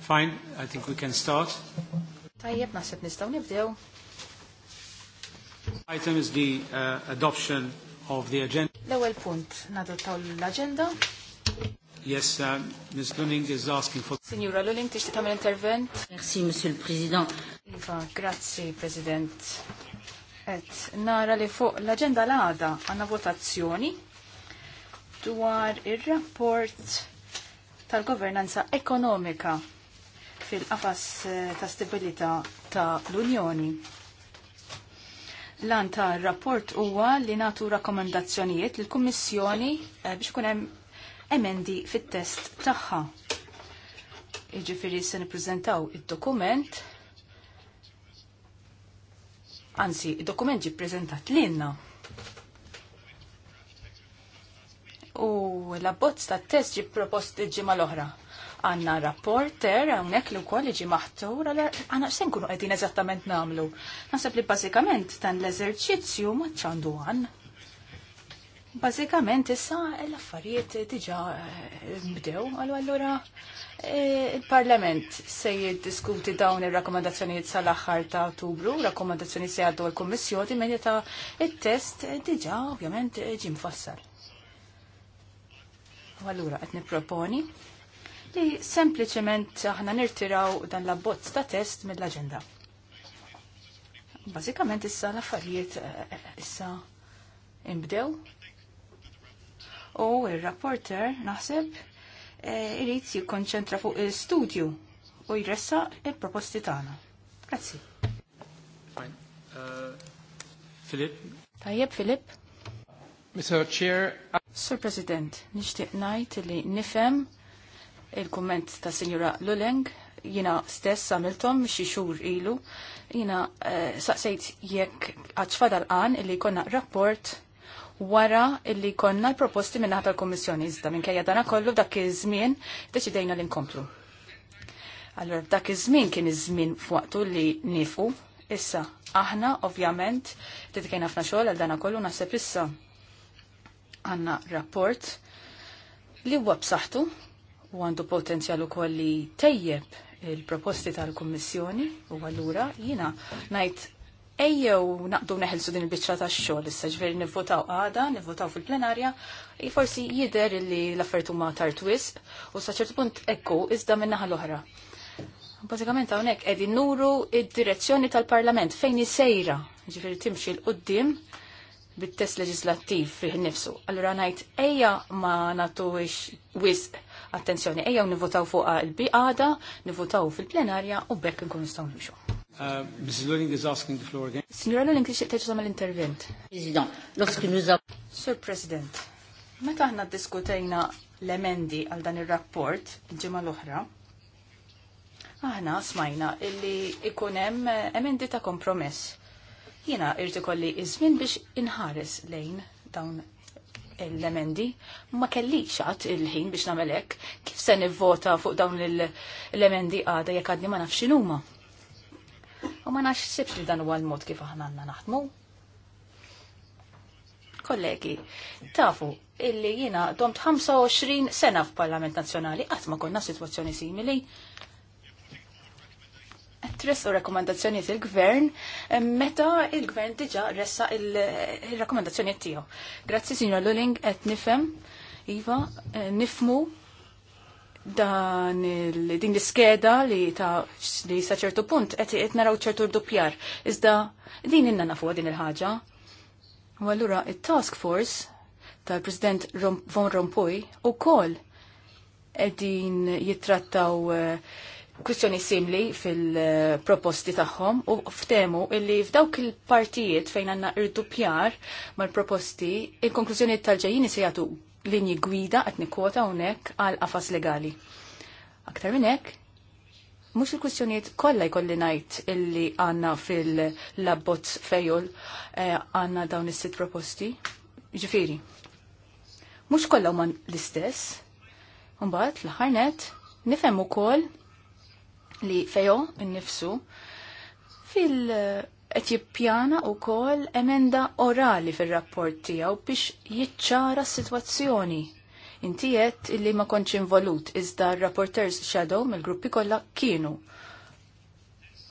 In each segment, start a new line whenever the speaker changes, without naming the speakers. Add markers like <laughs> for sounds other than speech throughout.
Fine, I think we can start.
Tajjeb, naħseb nistaw nibdew.
Item is the uh, adoption of the agenda.
L-ewwel punt nadottaw l-agenda.
Yes, uh, Ms. Luning is asking for...
Signora Luning, tixti tamil intervent? Merci, Monsieur le Président. Iva, grazie, President. Et, nara li fuq l-agenda l-għada għanna votazzjoni dwar il-rapport tal-governanza ekonomika fil-qafas eh, ta' stabilita ta' l-Unjoni. Lan ta' rapport huwa li natu rakkomandazzjonijiet l kummissjoni eh, biex kunem hemm emendi fit-test tagħha. Jiġifieri se nippreżentaw id-dokument Anzi, id-dokument ġi prezentat l-inna u l-abbozz ta' test ġi proposti ġimma l-oħra. Għanna rapporter, għonek li wkoll ġi maħtur, għanna xsen kunu għedin eżattament namlu. Nasab li basikament tan l-eżerċizzju maċċandu għan. Basikament issa l-affarijiet diġa eh, bdew, għallura eh, il-Parlament se jiddiskuti dawn ir-rakkomandazzjonijiet sal-aħħar ta' Ottubru, rakkomandazzjoni se għaddu l-Kummissjoni meta il test diġà ovvjament ġim fassar. U allura qed nipproponi li sempliċement aħna nirtiraw dan l-abbozz ta' test mill-aġenda. Bażikament issa l-affarijiet eh, issa imbdew. U il rapporter naħseb eh, irid jikkonċentra fuq il-studju u jressa il-proposti tagħna. Grazzi.
Filip? Uh,
Tajjeb Filip? Mr. Chair. Sir President, nishtiq najt li nifem il-komment ta' sinjura Luleng jina stess għamiltom xi xhur ilu jina uh, saqsejt jekk għatfadal qan illi konna rapport wara illi konna l-proposti minna tal kummissjoni iżda minkejja kajja dana kollu dak iż-żmien deċidejna li nkomplu. Allora dak iż-żmien kien iż-żmien f'waqtu li nifu Issa, aħna ovvjament dedikejna ħafna xogħol għal dana kollu naħseb issa għanna rapport li huwa b'saħħtu u għandu potenzjal ukoll li tejjeb il-proposti tal-Kummissjoni u allura jina ngħid ejjew naqdu neħelsu din il-biċċa ta' xogħol issa ġveri nivvotaw għada, nivvotaw fil-plenarja, forsi jider li l-affertu ma tartwis u sa' ċertu punt ekku iżda minnaħa l-oħra. Bazzikament hawnhekk qegħdin nuru id-direzzjoni tal-Parlament fejn isejra, ġifieri timxi l qudiem bit-test leġislattiv fih nifsu. Allura ngħid ejja ma nagħtuhiex wisq attenzjoni, ejja nivvotaw fuqha l biqada nivvotaw fil-plenarja u bekk nkun nistgħu nimxu.
Uh, Mrs. Lulling is asking the floor again.
Signora Lulling tixtieq teġu tagħmel intervent. Sir President, meta aħna ddiskutejna l-emendi għal dan ir-rapport ġimgħa l-oħra, aħna smajna illi ikun hemm emendi ta' kompromess Jiena irti kolli iż-żmien biex inħares lejn dawn l-emendi, ma kellix għat il-ħin biex nagħmel hekk, kif se nivvota fuq dawn l-emendi għada jekk għadni ma nafx huma. U ma nafx sibx li dan huwa l-mod kif aħna għandna naħdmu. Kollegi, tafu, illi jina domt 25 sena f'Parlament Nazzjonali, qatt ma konna situazzjoni simili, u rekomendazzjoni il-gvern eh, meta il-gvern diġa ressa il eh, rekomendazzjoni tiegħu. Grazzi signor Luling qed nifhem Iva eh, nifmu dan din l-iskeda li ta' li sa' ċertu punt qed naraw ċertu dupjar. Iżda din inna nafu din il-ħaġa. U allura it-task force tal-President Von Rompuy u kol edin jittrattaw uh, kwistjoni simli fil-proposti tagħhom u ftemu illi f'dawk il-partijiet fejn għandna pjar mal-proposti, il-konklużjoni tal-ġejjini se jagħtu linji gwida qed nikkwota hawnhekk għal qafas legali. Aktar minn hekk, mux il kwistjonijiet kolla jkolli najt illi għanna fil-labbozz fejol għanna eh, dawn is-sit proposti. Ġifiri, mux kolla man l-istess, Umbat, l-ħarnet, nifem u kol li fejo innifsu fil- qed jippjana wkoll emenda orali fir-rapport tiegħu biex jiċċara s-sitwazzjoni. Inti qed illi ma kontx involut iżda r-rapporters shadow mill-gruppi kollha kienu.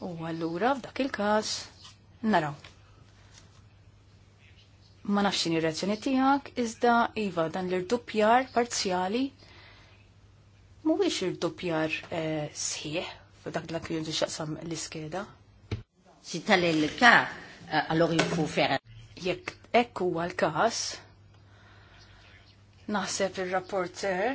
U allura f'dak il-każ naraw. Ma nafx x'inhi reazzjoni tiegħek iżda iva dan l-irdupjar parzjali mhuwiex irdupjar eh, sħiħ dak dak li xaqsam l-iskeda. Si tal il-ka, eh, allora jifu ferra. Jek ekku għal-kas, naħseb il-rapporter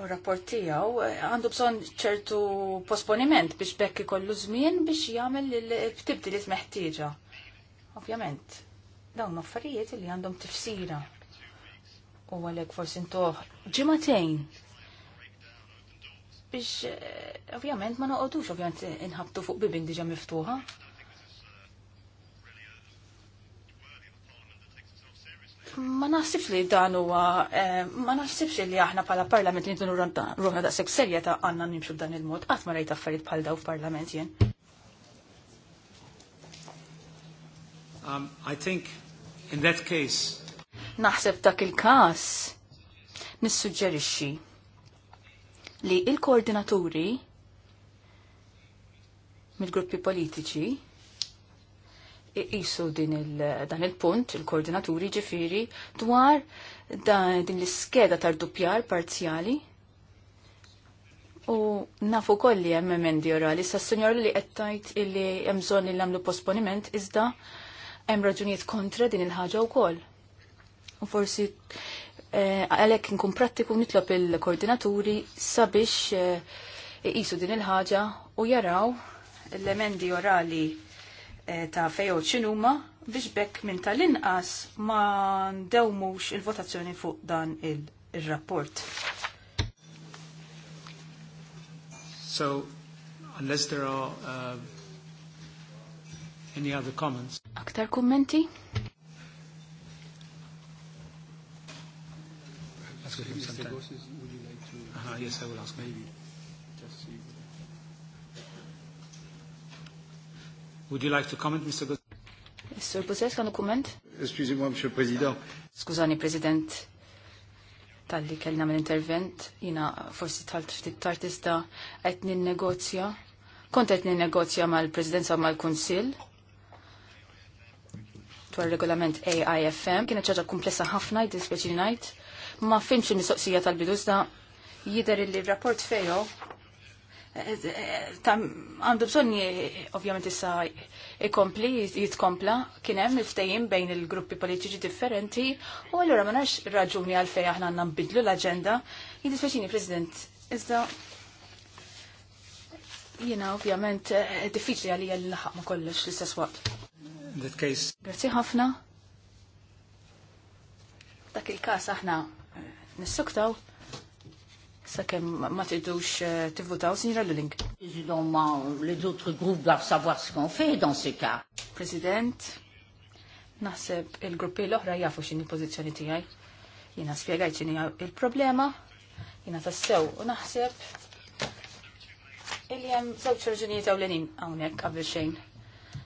u rapport tijaw eh, għandu bżon ċertu posponiment biex bekk ikollu żmien biex jagħmel il-tibdiliet meħtieġa. Ovvjament, dawn affarijiet li għandhom tifsira. U għalek forsi intoħ ġimatejn biex eh, ovvjament ma noqgħodux ovvjament inħabtu fuq bibin diġa miftuħa. Ma naħsibx li dan huwa eh, ma naħsibx li aħna bħala parlament li nidnu ruħna daqshekk serjetà għandna nimxu b'dan il-mod qatt ma rajt affarijiet bħal daw f'parlament jien.
Um, I think in that case
Naħseb dak il-każ nissuġġerixxi li il-koordinaturi mill-gruppi politiċi jisu din il, dan il-punt, il-koordinaturi ġifiri, dwar din l-iskeda tar dupjar parzjali. U nafu kolli hemm emendi orali, li s-senjor li qed illi hemm bżonn li nagħmlu posponiment iżda hemm raġunijiet kontra din il-ħaġa wkoll. U forsi Eh, għalhekk nkun prattiku nitlob il-koordinaturi sabiex jisu eh, din il-ħaġa u jaraw l-emendi orali eh, ta' fejo ċinuma biex bekk minn tal-inqas ma ndewmux il-votazzjoni fuq dan il-rapport.
So, unless there are uh, any other comments.
Aktar kummenti? with him sometime.
uh -huh, yes, I will ask maybe.
Would you like to comment, Mr. Gossi?
Gosses? Sir Gosses, għandu komment?
Excusez-moi, Monsieur le President.
Skużani, President, tal-li kellna mill-intervent, jina forsi talt ftit tartista qed ninnegozja. Kont qed ninnegozja mal-Presidenza mal-Kunsill dwar regolament AIFM kienet ċaġa komplessa ħafna jdispeċi ngħid ma finx il-mistoqsija tal bidus da jider li rapport fejo eh, eh, eh, għandu bżonni ovvjament issa ikompli jitkompla kien hemm il-ftehim bejn il-gruppi politiċi differenti u allura ma nafx raġuni għal fej aħna għandna bidlu l jidis feċini, President, iżda jiena ovvjament diffiċli għalli li laħaq ma kollox l-istess waqt. Grazzi ħafna. Dak il-każ aħna nissuktaw sakemm ma tidux eh, tivvutaw sinjra Luling. Les autres groupes doivent savoir ce qu'on fait dans ce cas. President, naħseb il-gruppi l-oħra jafu x'inhi pożizzjoni tiegħi. Jiena spjegajt x'inhi il-problema, jiena tassew u naħseb il hemm żewġ raġunijiet ewlenin hawnhekk qabel xejn.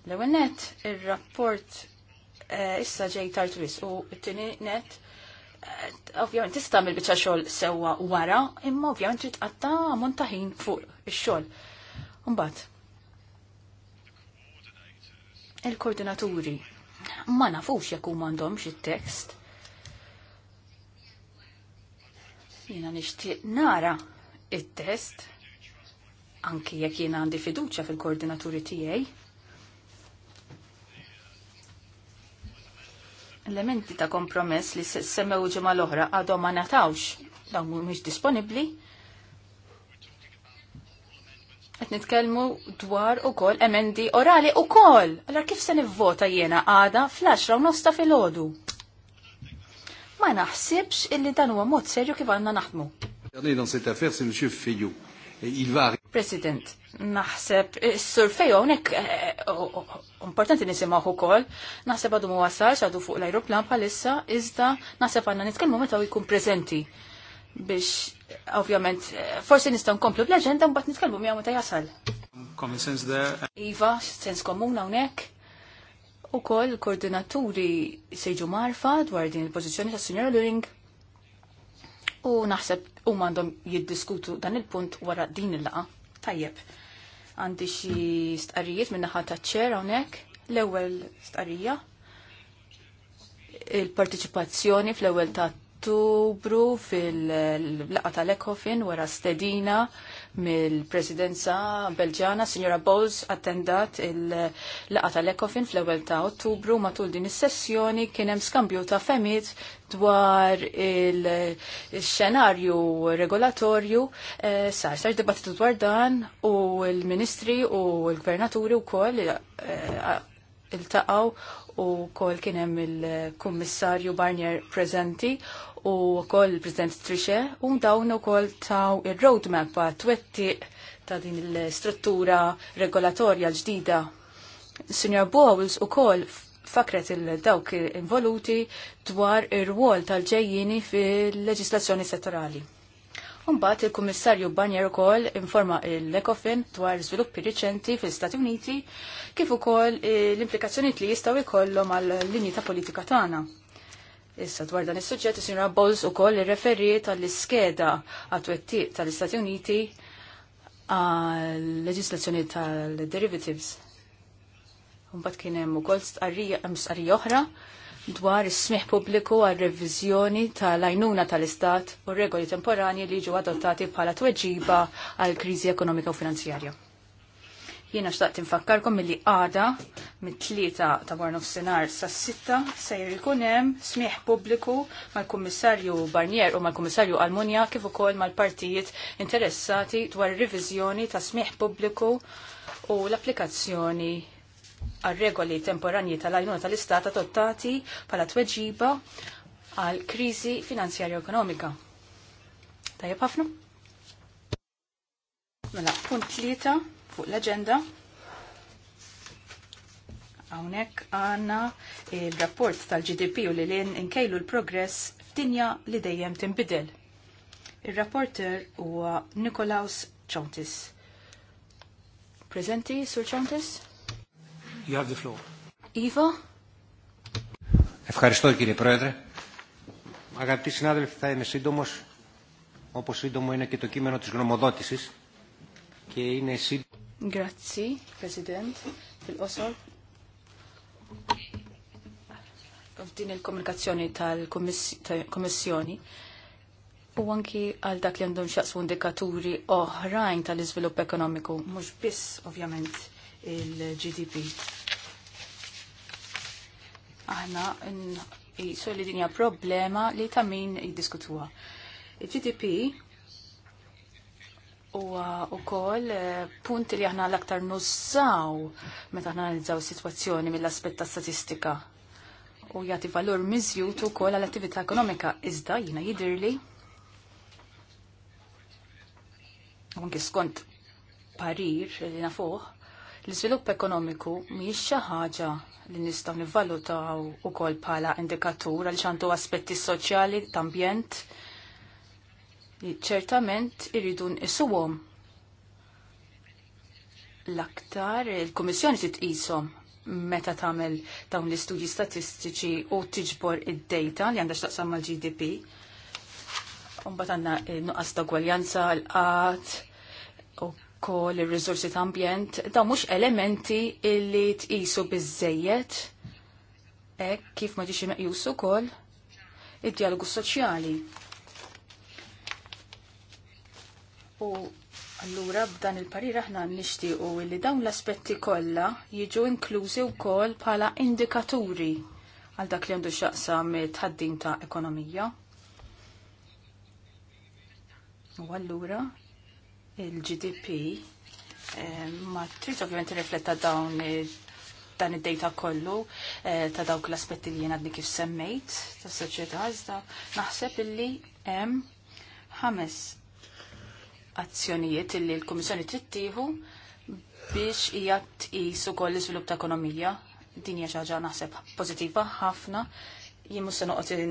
L-ewwel net ir-rapport eh, issa ġej tard u t-tieni net ovvjament tista' mill biċċa xogħol sewwa wara, imma ovvjament trid qatta ammont ta' ħin fuq ix-xogħol. Imbagħad il-koordinaturi ma nafux jekk huma għandhomx it test Jiena nixtieq nara it-test anke jekk jiena għandi fiduċja fil-koordinaturi tiegħi. Elementi ta' kompromess li semmew ġimgħa l-oħra għadhom ma natawx dawn mhumiex disponibbli. Qed nitkellmu dwar ukoll emendi orali ukoll. Allora kif se nivvota jiena għada fl-10 u ta filgħodu? Ma naħsibx illi dan huwa mod serju kif għandna naħdmu. President, Naħseb, s surfej fejo, eh, eh, importanti nisimaw ukoll. Naħseb għadu mu wasal, għadu fuq l-aeroplan palissa, iżda naħseb għanna nitkellmu meta u jkun prezenti biex, eh, ovvjament, forsi nistan nkomplu bl-agenda, mbatt nitkellmu mija meta jasal. Iva, sens komun unek. U kol koordinaturi seġu marfa dwar din il-pozizjoni ta' Signora Luring. U naħseb u mandom jiddiskutu dan il-punt wara din il-laqa. Tajjeb. Għandi xi stqarrijiet minn naħa taċ-ċer hawnhekk. L-ewwel stqarrija il-partiċipazzjoni fl-ewwel ta' Ottubru fil-laqa tal-Ekofin wara stedina mill-Presidenza Belġana, Signora Bowles, attendat il-laqa tal-Ekofin fl-ewwel ta' Ottubru matul din is-sessjoni kien hemm skambju ta' femiet dwar il-xenarju regolatorju eh, sar sar dibattitu dwar dan u l-ministri u l-gvernaturi wkoll il eh, iltaqgħu u kol kienem il-kummissarju Barnier prezenti u kol il-President Trisha u dawn ukoll taw ir-roadmap għat twettiq ta' din l-struttura regolatorja l-ġdida. Sinjor Bowles ukoll fakret il-dawk involuti dwar ir-rwol tal-ġejjini fil-leġislazzjoni settorali. Umbat il-Kummissarju Banjer ukoll informa l-Ecofin dwar sviluppi riċenti fil-Stati Uniti kif ukoll l-implikazzjonijiet li jistgħu jkollhom għal linji ta' politika tagħna. Issa dwar dan is-suġġett is-Sinjora ukoll ir referi tal-iskeda għat-twettiq tal-Istati Uniti għal leġislazzjoni tal-derivatives. Mbagħad kien hemm ukoll stqarrija oħra dwar is-smih pubbliku għal reviżjoni tal-għajnuna tal-Istat u regoli temporani li jiġu adottati bħala tweġiba għal kriżi ekonomika u finanzjarja. Jiena xtaqt infakkarkom milli għada mit-tlieta ta' war nofsinhar sas-sitta sejr jkun hemm smieħ pubbliku mal-Kummissarju Barnier u mal-Kummissarju Almunja kif ukoll mal-partijiet interessati dwar riviżjoni ta' smieħ pubbliku u l-applikazzjoni għal-regoli temporanji tal-għajnuna tal-istat adottati pala tweġiba għal-krizi finanzjarja ekonomika. Tajab ħafna? Mela, punt tlieta fuq l-agenda. Għawnek għanna il-rapport tal-GDP u li l-in inkejlu l-progress f'dinja li dejjem timbidel. Il-rapporter huwa Nikolaus Chontis. Prezenti, Sir Chontis? You have the floor. Iva? Ευχαριστώ
κύριε Πρόεδρε. Αγαπητοί συνάδελφοι, θα είμαι σύντομο, όπω σύντομο είναι και το κείμενο τη γνωμοδότηση. Και είναι σύντομο.
Grazzi, President, fil-qosor. Din il-komunikazzjoni tal komissjoni u anki għal dak li għandhom xaqsu indikaturi oħrajn tal-iżvilupp ekonomiku, mhux biss ovvjament il-GDP. Aħna jisu li dinja problema li ta' min jiddiskutuha. Il-GDP huwa wkoll eh, punti li aħna l-aktar nussaw meta aħna analizzaw is-sitwazzjoni mill-aspett ta' statistika u jagħti valur miżjud ukoll għall-attività ekonomika iżda jiena jidhirli anke skont parir li nafuh l-iżvilupp ekonomiku mhijiex xi ħaġa li nistgħu nivvalutaw ukoll bħala indikatur għal xandu aspetti soċjali, tambjent ambjent li ċertament irridu nqisuhom. L-aktar il-Kummissjoni titqishom meta tagħmel dawn l-istudji statistiċi u tiġbor id-data li għandha x'taqsam mal-GDP. Mbagħad għandna nuqqas ta' gwaljanza l-qatt u ir-riżorsi ta' ambjent, dawn mhux elementi li tqisu biżejjed hekk kif ma ġiex meqjus ukoll id-dialogu soċjali U allura b'dan il-parir aħna nixtiequ li dawn l-aspetti kollha jiġu inklużi wkoll bħala indikaturi għal dak li għandu mit tħaddim ta' ekonomija. U allura il-GDP eh, ma trid ovvjament irrifletta dawn dan id-dejta kollu eh, ta' dawk l-aspetti li jiena kif semmejt tas soċjetà iżda naħseb illi hemm ħames azzjonijiet li l-Komissjoni Tittieħu biex hija tqis ukoll l-iżvilupp ta' ekonomija. Din hija xi ħaġa naħseb pożittiva ħafna. Jien mhux se noqgħod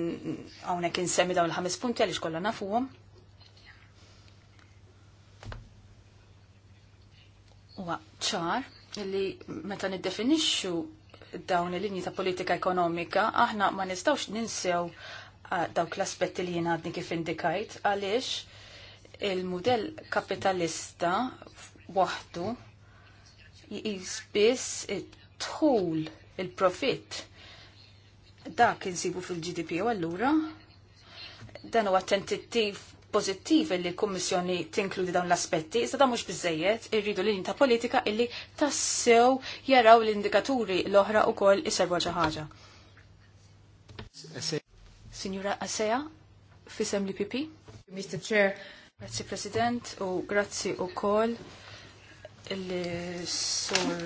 hawnhekk insemmi dawn il-ħames punti għaliex kollha nafuhom. Huwa ċar li meta niddefinixxu dawn il-linji ta' politika ekonomika, aħna ma nistgħux ninsew ah, dawk l-aspetti li jien għadni kif indikajt, għaliex il-modell kapitalista waħdu jisbis biss it-tħul il-profit dak insibu fil-GDP u allura dan huwa tentittiv pozittiv li l-Kommissjoni tinkludi dawn l-aspetti, iżda da mhux biżejjed irridu l ta' politika illi tassew jaraw l-indikaturi l-oħra wkoll koll xi ħaġa. Signora Asea, fisem l pipi? Mr. Chair, Grazzi President u grazzi u kol li sur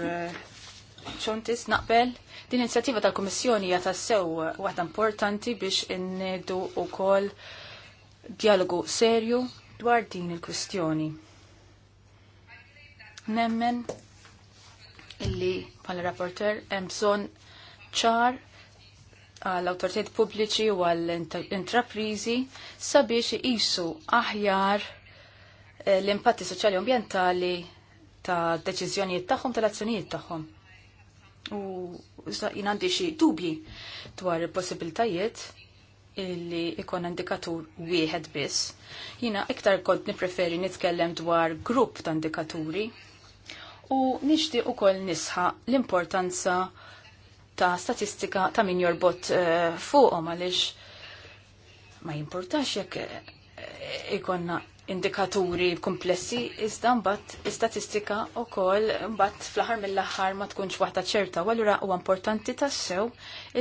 ċontis eh, naqbel. Din inizjattiva tal-Komissjoni jata sew waħda importanti biex innedu u kol dialogu serju dwar din il-kwistjoni. Nemmen illi pal rapporter hemm bżonn ċar għall autoritet pubbliċi u għall intraprizi sabiex jisu aħjar eh, l-impatti soċjali u ambjentali ta' deċiżjonijiet tagħhom tal-azzjonijiet tagħhom. U jien għandi xi dubji dwar il-possibiltajiet illi ikon indikatur wieħed biss. Jina iktar kont nipreferi nitkellem dwar grupp ta' indikaturi u nixtieq u koll nisħa l-importanza ta' statistika ta' min jorbot eh, fuqhom għaliex ma jimportax jekk eh, ikonna indikaturi komplessi iżda mbagħad statistika wkoll mbagħad fl-aħħar mill-aħħar ma tkunx waħda ċerta u allura huwa importanti tassew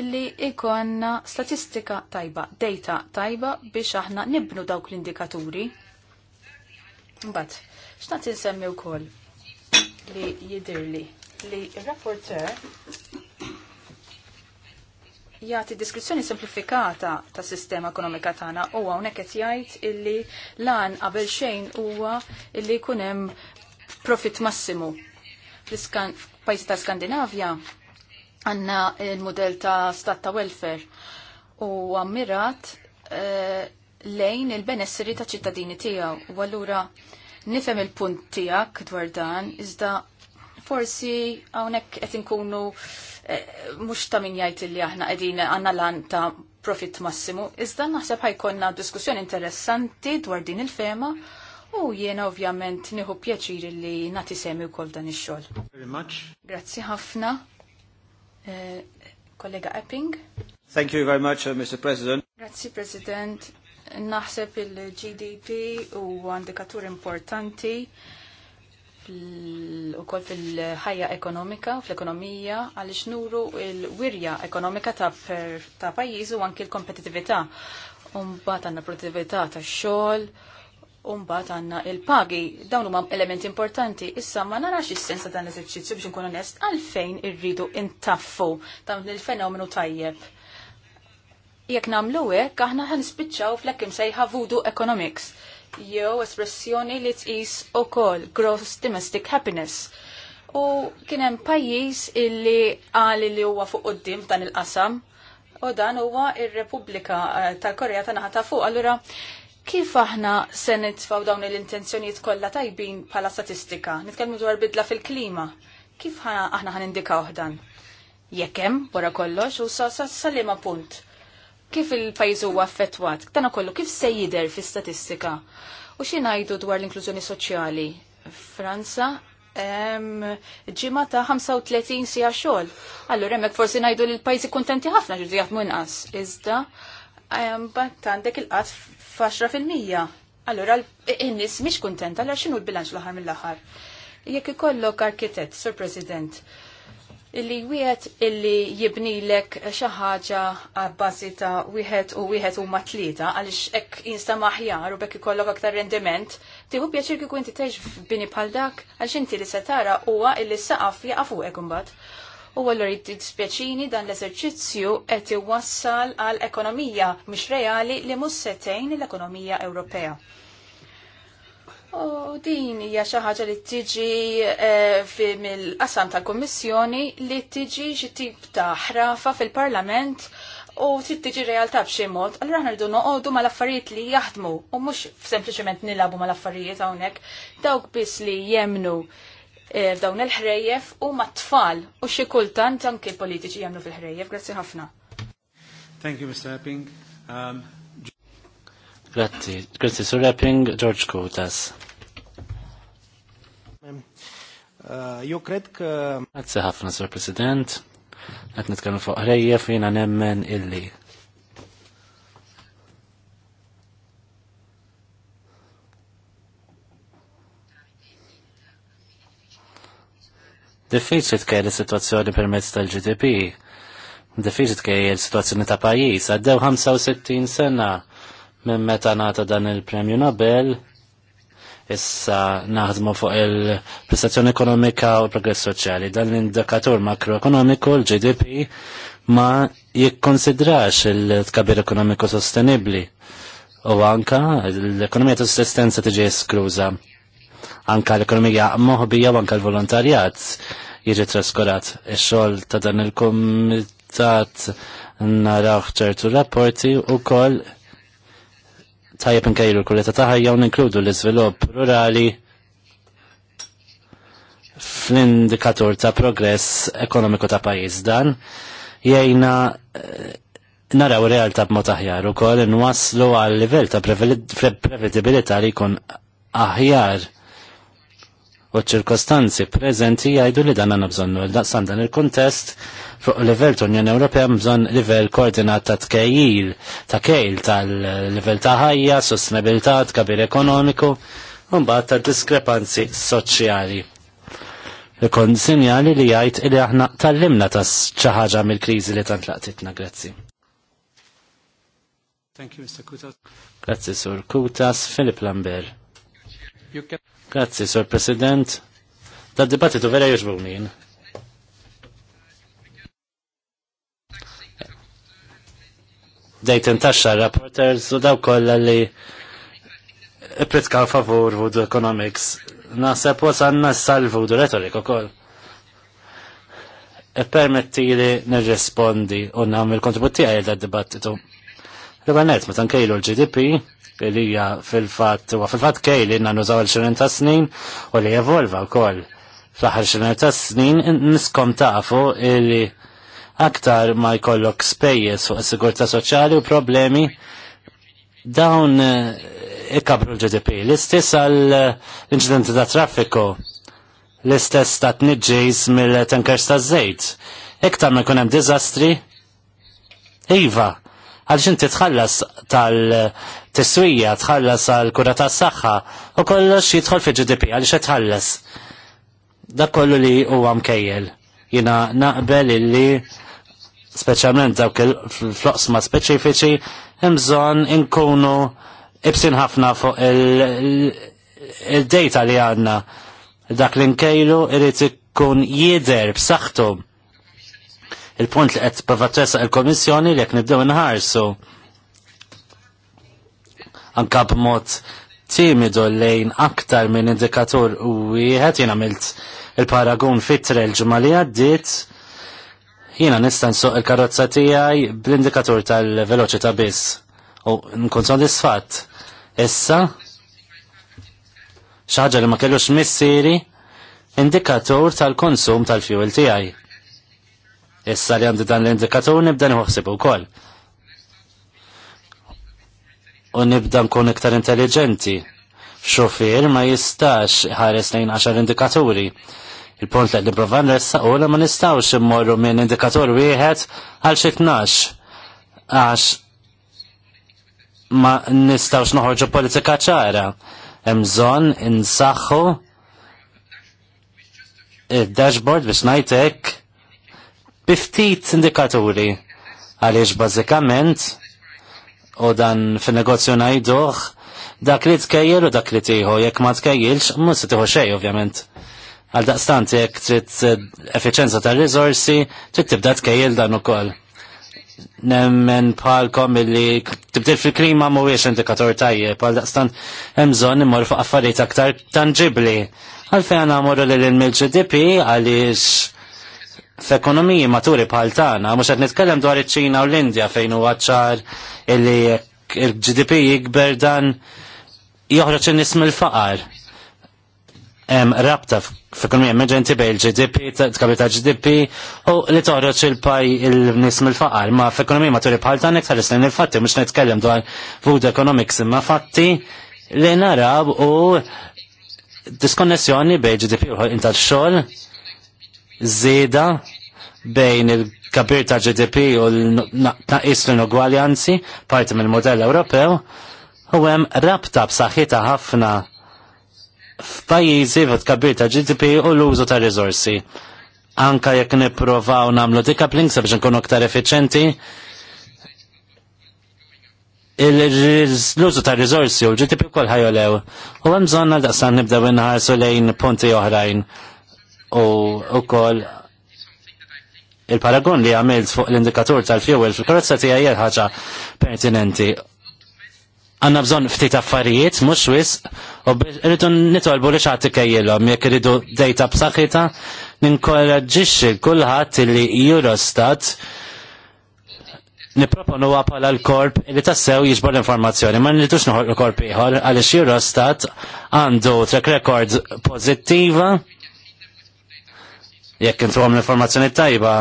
illi ikonna statistika tajba, data tajba biex aħna nibnu dawk l-indikaturi. Mbagħad x'nagħti nsemmi wkoll li jidirli li r-rapporter jagħti diskrizzjoni simplifikata ta' sistema ekonomika tagħna u hawnhekk qed jgħid illi lan qabel xejn huwa illi jkun hemm profit massimu. Pajjiż ta' Skandinavja għandna il model ta' stat ta' welfare u ammirat eh, lejn il-benessri ta' ċittadini tiegħu u allura nifhem il-punt tiegħek dwar dan iżda forsi hawnhekk qed inkunu eh, mhux ta' min jgħid li aħna qegħdin għandna lan ta' profit massimu. Iżda naħseb ħajkonna diskussjoni interessanti dwar din il-fema u jiena ovvjament nieħu pjaċir li nagħti semi wkoll dan
ix-xogħol.
Grazzi ħafna. Eh, kollega Epping. Thank you very much, uh, Mr. President. Grazzi, President. Naħseb il-GDP u indikatur importanti ukoll fil-ħajja ekonomika, fl-ekonomija, għaliex nuru il-wirja ekonomika ta', ta pajjiż u anki l-kompetitività. Umbat għandna produttività tax-xogħol, umbat għandna il-pagi, dawn huma elementi importanti. Issa ma narax is-sens ta' dan l-eżerċizzju biex nkun onest għalfejn irridu intaffu dawn il-fenomenu tajjeb. Jekk nagħmlu hekk aħna ħanispiċċaw fl-hekk imsejħa voodoo economics jew espressjoni li tqis ukoll gross domestic happiness. U kien hemm pajjiż illi qal li huwa fuq quddiem dan il-qasam u dan huwa ir-Repubblika eh, tal-Korea ta' naħa ta' fuq. Allura kif aħna se nitfgħu dawn l-intenzjonijiet kollha tajbin bħala statistika? Nitkellmu dwar bidla fil-klima. Kif aħna ħan indikaw dan? Jekk hemm wara kollox u sa salima punt kif il-pajjiż huwa affettwat, dan kollu kif se jidher fis-statistika. U xi ngħidu dwar l-inklużjoni soċjali? Franza ġimma ta' 35 sija xogħol. Allura hemmhekk forsi ngħidu li l-pajjiż kuntenti ħafna ġifieri jaħdmu inqas. Iżda mbagħad għandek il-qatt f'10 Allura in-nies mhix kuntenta għal x'inhu l-bilanċ l-aħħar mill-aħħar. Jekk ikollok arkitett, Sur President, illi wieħed illi jibnilek xi ħaġa ta' wieħed u wieħed huma tlieta għaliex hekk jinsta maħjar u bekk ikollok aktar rendiment, tieħu pjaċir kieku inti tgħix f'bini bħal dak għaliex inti li se tara huwa illi saqaf jaqa' hekk imbagħad. U allura jiddispjaċini dan l-eżerċizzju qed iwassal għal ekonomija mhix reali li mhux setejn l-ekonomija Ewropea. U din hija xi ħaġa li tiġi eh, mill-qasam tal-Kummissjoni li tiġi xi tip ta' ħrafa fil-Parlament u trid tiġi realtà b'xi mod. Allura aħna rridu noqogħdu mal-affarijiet li jaħdmu u mhux sempliċement nilabu mal-affarijiet hawnhekk dawk biss li jemnu eh, f'dawn il-ħrejjef u ma' tfal u xi kultant anke l-politiċi jemnu fil-ħrejjef. Grazzi ħafna.
Thank you, Mr. Epping. Um... Grazzi, grazzi, Sir Epping, George Kutas.
Eh, jo kred k.
ħafna, Sir President. t nitkellmu fuq ħrejja fina nemmen illi. Diffiċli tkejjel is-sitwazzjoni permezz tal-GDP. Diffiċli tkejjel is-sitwazzjoni ta' pajjiż. Għaddew 65 sena minn meta nata dan il-Premju Nobel issa naħdmu fuq il-prestazzjoni ekonomika u l-progress soċjali. Dan l-indikatur makroekonomiku, l-GDP, ma jikkonsidrax il-tkabir ekonomiku sostenibli u anka l-ekonomija ta' sussistenza tiġi eskluża. Anka l-ekonomija moħbija u anka l-volontarjat jiġi traskurat. Ix-xogħol ta' dan il-kumitat naraw ċertu rapporti u koll tajjeb nkejlu l-kulletta taħħa jew ninkludu l-iżvilupp rurali fl-indikatur ta' progress ekonomiku ta' pajjiż dan jgħina eh, naraw realtà b'mod aħjar ukoll inwasslu għal livell ta' prevedibilità li jkun aħjar u ċirkostanzi preżenti jgħidu li dan għanna bżonnu daqsan dan il-kuntest fuq livell tal-Unjoni Ewropea bżon livell koordinat ta' tkejjil ta' kejl tal-livell ta' ħajja, sostenibilità, kabir ekonomiku u mbagħad ta' diskrepanzi soċjali. Ikun sinjali li jgħid li aħna tallimna ta' xi ħaġa mill-kriżi li tant laqtitna, grazzi. Thank you, Mr. Kutas. Grazzi, Sur Kutas, Filip Lambert. Grazzi, Sir President. Da' dibattitu vera jiġbuni. Dejten taxxa rapporters u daw kollha li pritkaw favur vudu economics. Naseb wasanna s-salvu vudu retorik u koll. E permetti li nirrespondi u namil kontributi għajda dibattitu. Ribanet, ma tankajlu l-GDP, li hija fil-fatt huwa fil-fatt kej li nużaw il-xirin ta' snin u li jevolva wkoll. Fl-aħħar xirin ta' snin niskom tafu li aktar ma jkollok spejjeż fuq is-sigurtà soċjali u problemi dawn eh, ikabru l-GDP. L-istess għal eh, inċidenti ta' traffiku, l-istess ta' tniġġejs mill-tankers ta' żejt. Iktar ma jkun hemm diżastri, iva, għaliex inti tħallas tal-tiswija, tħallas għal kura tas-saħħa u kollox jidħol fi GDP għaliex tħallas. Dak kollu li huwa mkejjel. Jina naqbel illi speċjalment dawk il-floqsma speċifiċi hemm bżonn inkunu ibsin ħafna fuq il-data li għandna. Dak li nkejlu irid ikun jidher b'saħħtu il-punt li qed prova il-Komissjoni li jekk nibdew so. anka b'mod timidu lejn aktar minn indikatur u wieħed jien milt il-paragun fitre l ġumali li għaddiet jiena nista' nsuq il-karozza tiegħi bl-indikatur tal-veloċità biss u nkun sodisfatt. Issa xaġa li ma kellux missieri indikatur tal-konsum tal-fuel tiegħi. Issa li għandi dan l-indikatur nibda nħuħsib ukoll. U nibda nkun iktar intelligenti. Xofir ma jistax ħares lejn għaxar indikaturi. Il-punt li niprofa nressa u ma nistawx immorru minn indikatur wieħed għal xi tnax. Għax ma nistawx noħorġu politika ċara. Hemm bżonn insaħħu id-dashboard biex ngħidlek biftit indikaturi għaliex bażikament u dan fin-negozju ngħiduh dak li tkejjel u dak li tiħu jekk ma tkejjilx mhux se tieħu xejn ovvjament għal daqstant jekk trid effiċenza tar risorsi trid tibda tkejjel dan ukoll. Nemmen bħalkom illi tibdil fil-klima mhuwiex indikator tajjeb għal daqstant hemm bżonn immor fuq affarijiet aktar tangibbli. Għalfejn għamur lil l mill gdp għaliex f'ekonomiji maturi bħal tagħna mhux qed nitkellem dwar iċ-Ċina u l-Indja fejn huwa ċar illi il-GDP jikber dan joħroġ in-nies mill-faqar. Hemm rabta f'ekonomija emerġenti bej il-GDP, ta' GDP u li toħroġ il-paj il-nies mill-faqar. Ma f'ekonomija maturi bħal tagħna iktar isnin il-fatti mhux nitkellem dwar food economics imma fatti li narab u diskonnessjoni bej GDP u intal xogħol zeda bejn il-kabir ta' GDP u l-naqis l-inugwaljanzi, parti mill modell Ewropew, u hemm rabta b'saħħitha ħafna f'pajjiżi kabir ta' GDP u l-użu ta' riżorsi. Anka jekk nippruvaw nagħmlu decoupling sabiex nkunu aktar effiċenti, l-użu ta' rizorsi u l-ġitib kol ħajolew. U għem zonna daqsan nibdaw inħarsu lejn punti oħrajn u ukoll il-paragon li għamilt fuq l-indikatur tal-fuel fil-karozza tiegħi ħaġa pertinenti. Għanna bżon ftit affarijiet, mhux wis, u rridu nitolbu li xagħti kejjilhom jekk iridu dejta b'saħħitha, ninkoraġġixxi kulħadd li Eurostat niproponu għapala l-korp li tassew jiġbor l-informazzjoni, ma nridux nħor l-korp iħor għalix Eurostat għandu track record pozittiva jekk kien għom l-informazzjoni tajba,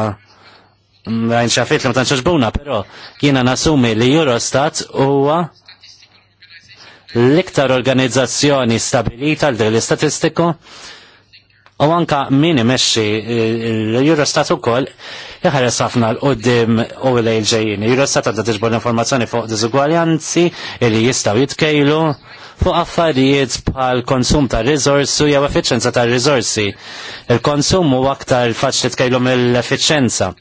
għajn xafit li ma buna, pero jina nasumi li Eurostat huwa l-iktar organizzazzjoni stabilita l l-istatistiku u anka min imexxi l-Eurostat eh, ukoll iħares ħafna l-qoddim u l-ejl Eurostat għadda l informazzjoni fuq diżugwaljanzi li jistgħu jitkejlu fuq affarijiet bħal konsum ta' risorsi jew effiċenza ta' risorsi. Il-konsum huwa aktar faċli tkejlhom l-effiċenza.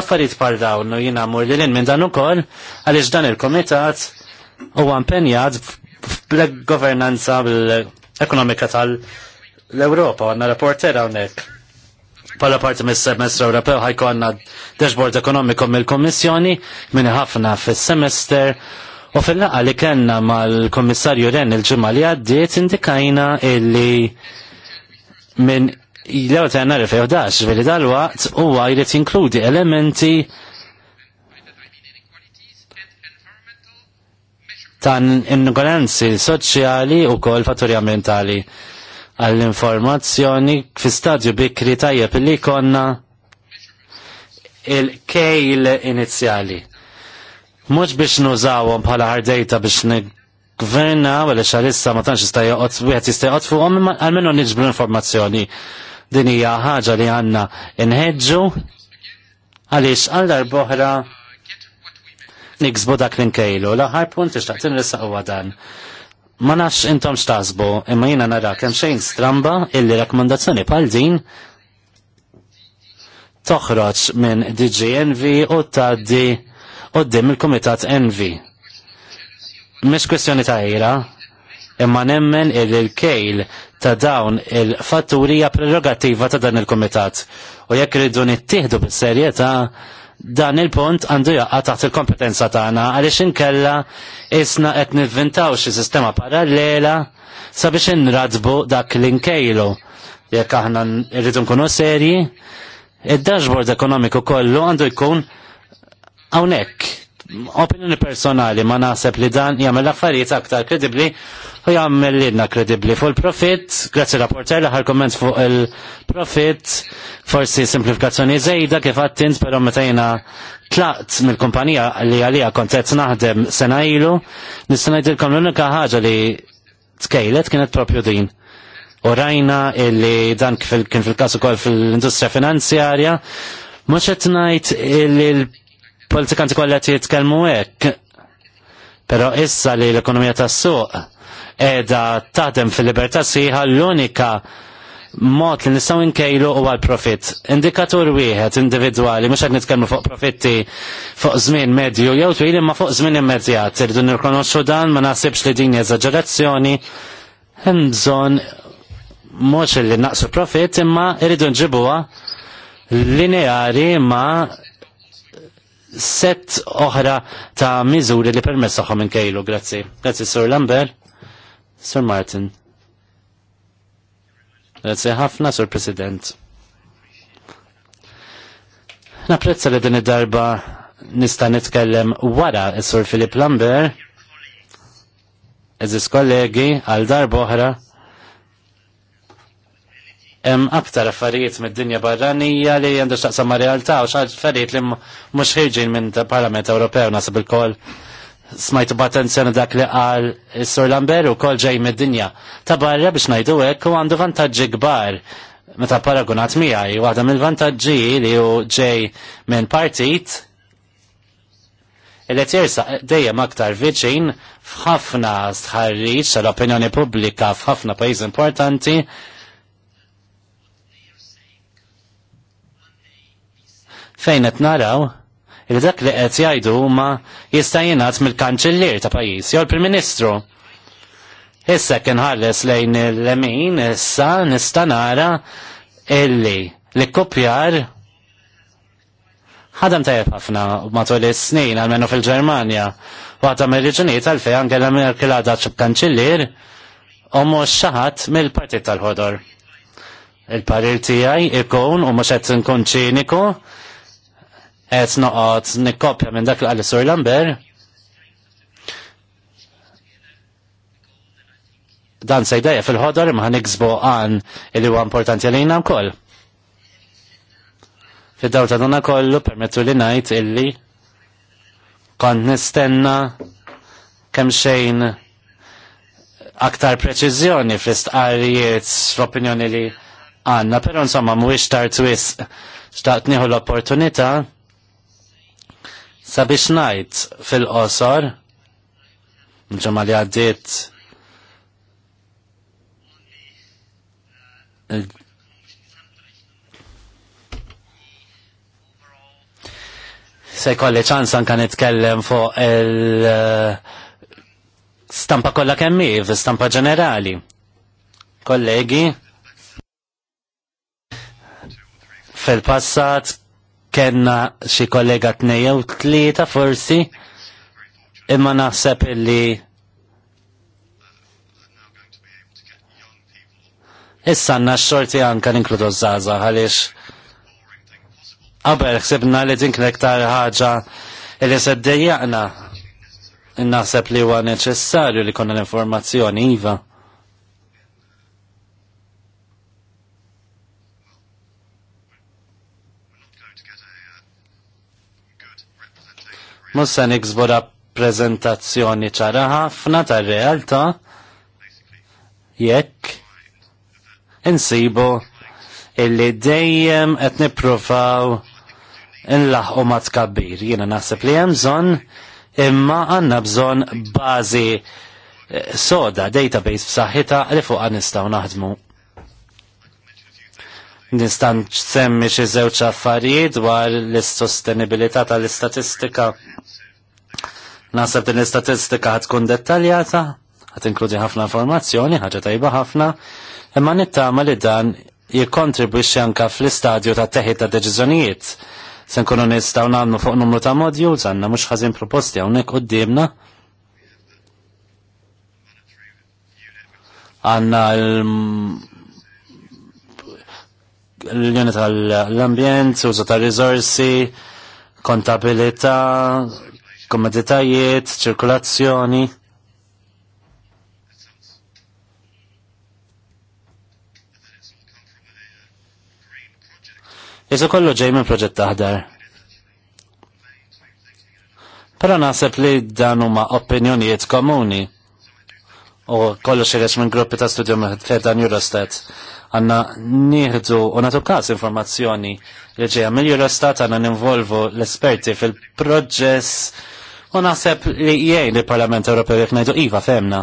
Affarijiet bħal dawn u jiena mur lil minn dan ukoll għaliex dan il-kumitat huwa impenjat bl ekonomika tal-Ewropa għandna rapporter hawnhekk. Pala parti mis semestra Ewropew ħajkonna dashboard ekonomiku mill-Kommissjoni minn ħafna fis-semester U fil-laqa li kellna mal-Kommissarju Ren il-ġimgħa li għaddiet indikajna illi minn l-ewwel ta' jannar 2011 veli dal-waqt huwa jrid jinkludi elementi ta' inugolanzi soċjali u kol fatturi ambientali għall-informazzjoni fi stadju bikri tajjeb li konna il-kejl inizjali. Mux biex nużawhom bħala ħardejta biex n gverna u li xalissa ma tantx jista' u għet jista' joqgħod fuqhom għalmenu niġbru informazzjoni. Din hija ħaġa li għandna inħeġġu għaliex għal darboħra niksbu dak l-inkejlu. laħar punt punt ixtaqt nilsaq u għadan. Ma nax intom xtazbu, imma jina nara kem xejn stramba illi rakkomandazzjoni pal din toħroċ minn DGNV u di qoddim il-Kumitat Envi. Mish kwestjoni ta' ira, imma nemmen il-kejl ta' dawn il-fatturija prerogativa ta' dan il-komitat. U jekk rridu nittieħdu bis-serjetà dan il-punt għandu jaqqa taħt il-kompetenza tagħna għaliex inkella isna qed nivvintaw xi sistema parallela sabiex inradbu dak l-inkejlu. Jekk aħna rridu nkunu serji, id-dashboard ekonomiku kollu għandu jkun Hawnhekk, opinjoni personali ma naħseb li dan jagħmel affarijiet aktar kredibbli u jagħmel lilna kredibbli fuq l profit grazzi rapporter l-aħħar komment fuq il-profit, forsi simplifikazzjoni żejda kif għattint però metajna tlaqt mill-kumpanija li għalija kontet naħdem sena ilu, nista' ngħidilkom l-unika ħaġa li tkejlet kienet propju din. U rajna illi dan kien fil-kasu kol fil-industrija finanzjarja, mux etnajt illi politikanti kollha jitkellmu hekk. Però issa li l-ekonomija tas-suq qiegħda taħdem fil-libertà siħa, l-unika mod li nistaw inkejlu u għal profit. Indikatur wieħed individwali, mhux qed nitkellmu fuq profitti fuq żmien medju jew twil imma fuq żmien immedjat. Irridu nirkonoxxu dan ma naħsibx li din eżaġerazzjoni hemm bżonn mhux li naqsu profit imma irridu nġibuha lineari ma' set oħra ta' miżuri li permessaħom minn kejlu, grazzi. Grazzi, Sur Lambert, Sir Martin. Grazzi ħafna, Sur President. Napprezza li din id-darba nista' nitkellem wara Sur Philip Lambert, eżis kollegi għal darba oħra hemm aktar affarijiet mid-dinja barranija li għandu xaqsa ma' realtà u xaħġ affarijiet li mhux ħirġin minn Parlament Ewropew nasib il smajtu b'attenzjoni dak li qal is-Sur Lamberu wkoll ġej mid-dinja ta' barra biex ngħidu hekk u għandu vantaġġi kbar meta paragunat miegħi waħda mill-vantaġġi li hu ġej minn partit il-let jirsaq dejjem aktar viċin f'ħafna stħarriċ tal opinjoni pubblika f'ħafna pajjiż importanti fejn qed naraw li dak li qed jgħidu huma jista' jingħad mill-kanċellier ta' pajjiż jew il-Prim-Ministru. Issa kien ħares lejn il-lemin, issa nista' nara illi li kopjar ħadam tajjeb ħafna matul is-snin għalmenu fil-Ġermanja waħda mir-riġunijiet għalfejn Angela Merkel għadha kanċellier u mhux xaħat mill-Partit tal-Ħodor. Il-parir tiegħi ikun u mhux qed nkun ċiniku et noqgħod nikkopja minn dak li qal Sur Lamber. Dan se jdejja fil-ħodar imma ħaniksbu għan li huwa importanti għalina wkoll. Fid-dawl ta' dana kollu permettu li ngħid illi kont nistenna kemm xejn aktar preċiżjoni fl-istqarijiet fl-opinjoni li għanna, pero insomma mwix tar twis xtaqt nieħu l-opportunità Sabiex ngħid fil-qosor, il-ġemma li għaddiet se kolli ċans anka nitkellem fuq il-stampa kollha kemm hi, stampa ġenerali. Kollegi, fil-passat Kenna xi kollega tnejja u tlieta forsi imma naħseb illi Issa x xorti anka ninkludu zaza għalix. Qabel ħsibna li din ktar ħaġa li seddejjaqna. Naħseb li huwa neċessarju li konna l-informazzjoni iva. mussa niksbu prezentazzjoni ċara ħafna tar-realtà jekk insibu illi dejjem qed nippruvaw inlaħqu ma tkabbir. Jiena naħseb li hemm bżonn imma għandna bżonn bażi eh, soda database f'saħħitha li fuqha nistgħu naħdmu nistan semmi xi żewġ affarijiet dwar l-sostenibilità tal-istatistika. Nasab din l-istatistika ħad tkun dettaljata, ħad inkludi ħafna informazzjoni, ħaġa tajba ħafna, imma nittama li dan jikkontribwixxi anka fl-istadju ta' teħid ta' deċiżjonijiet. Se nkunu nistgħu nagħmlu fuq numru ta' modju, għandna mhux ħażin proposti hawnhekk qudiemna. Għandna l l-Unjoni tal-Ambjent, użu tal-Rizorsi, kontabilità, komoditajiet, ċirkulazzjoni. Jesu kollu ġej minn proġett taħdar. Pero naħseb li dan huma opinjonijiet komuni u kollu xeħreċ minn gruppi ta' studju f'erdan Eurostat. Għanna nieħdu u natu kas informazzjoni li ġeja mill Eurostat għanna ninvolvu l-esperti fil-proġess u naħseb li jgħin li Parlament Ewropew jek ngħidu iva femna.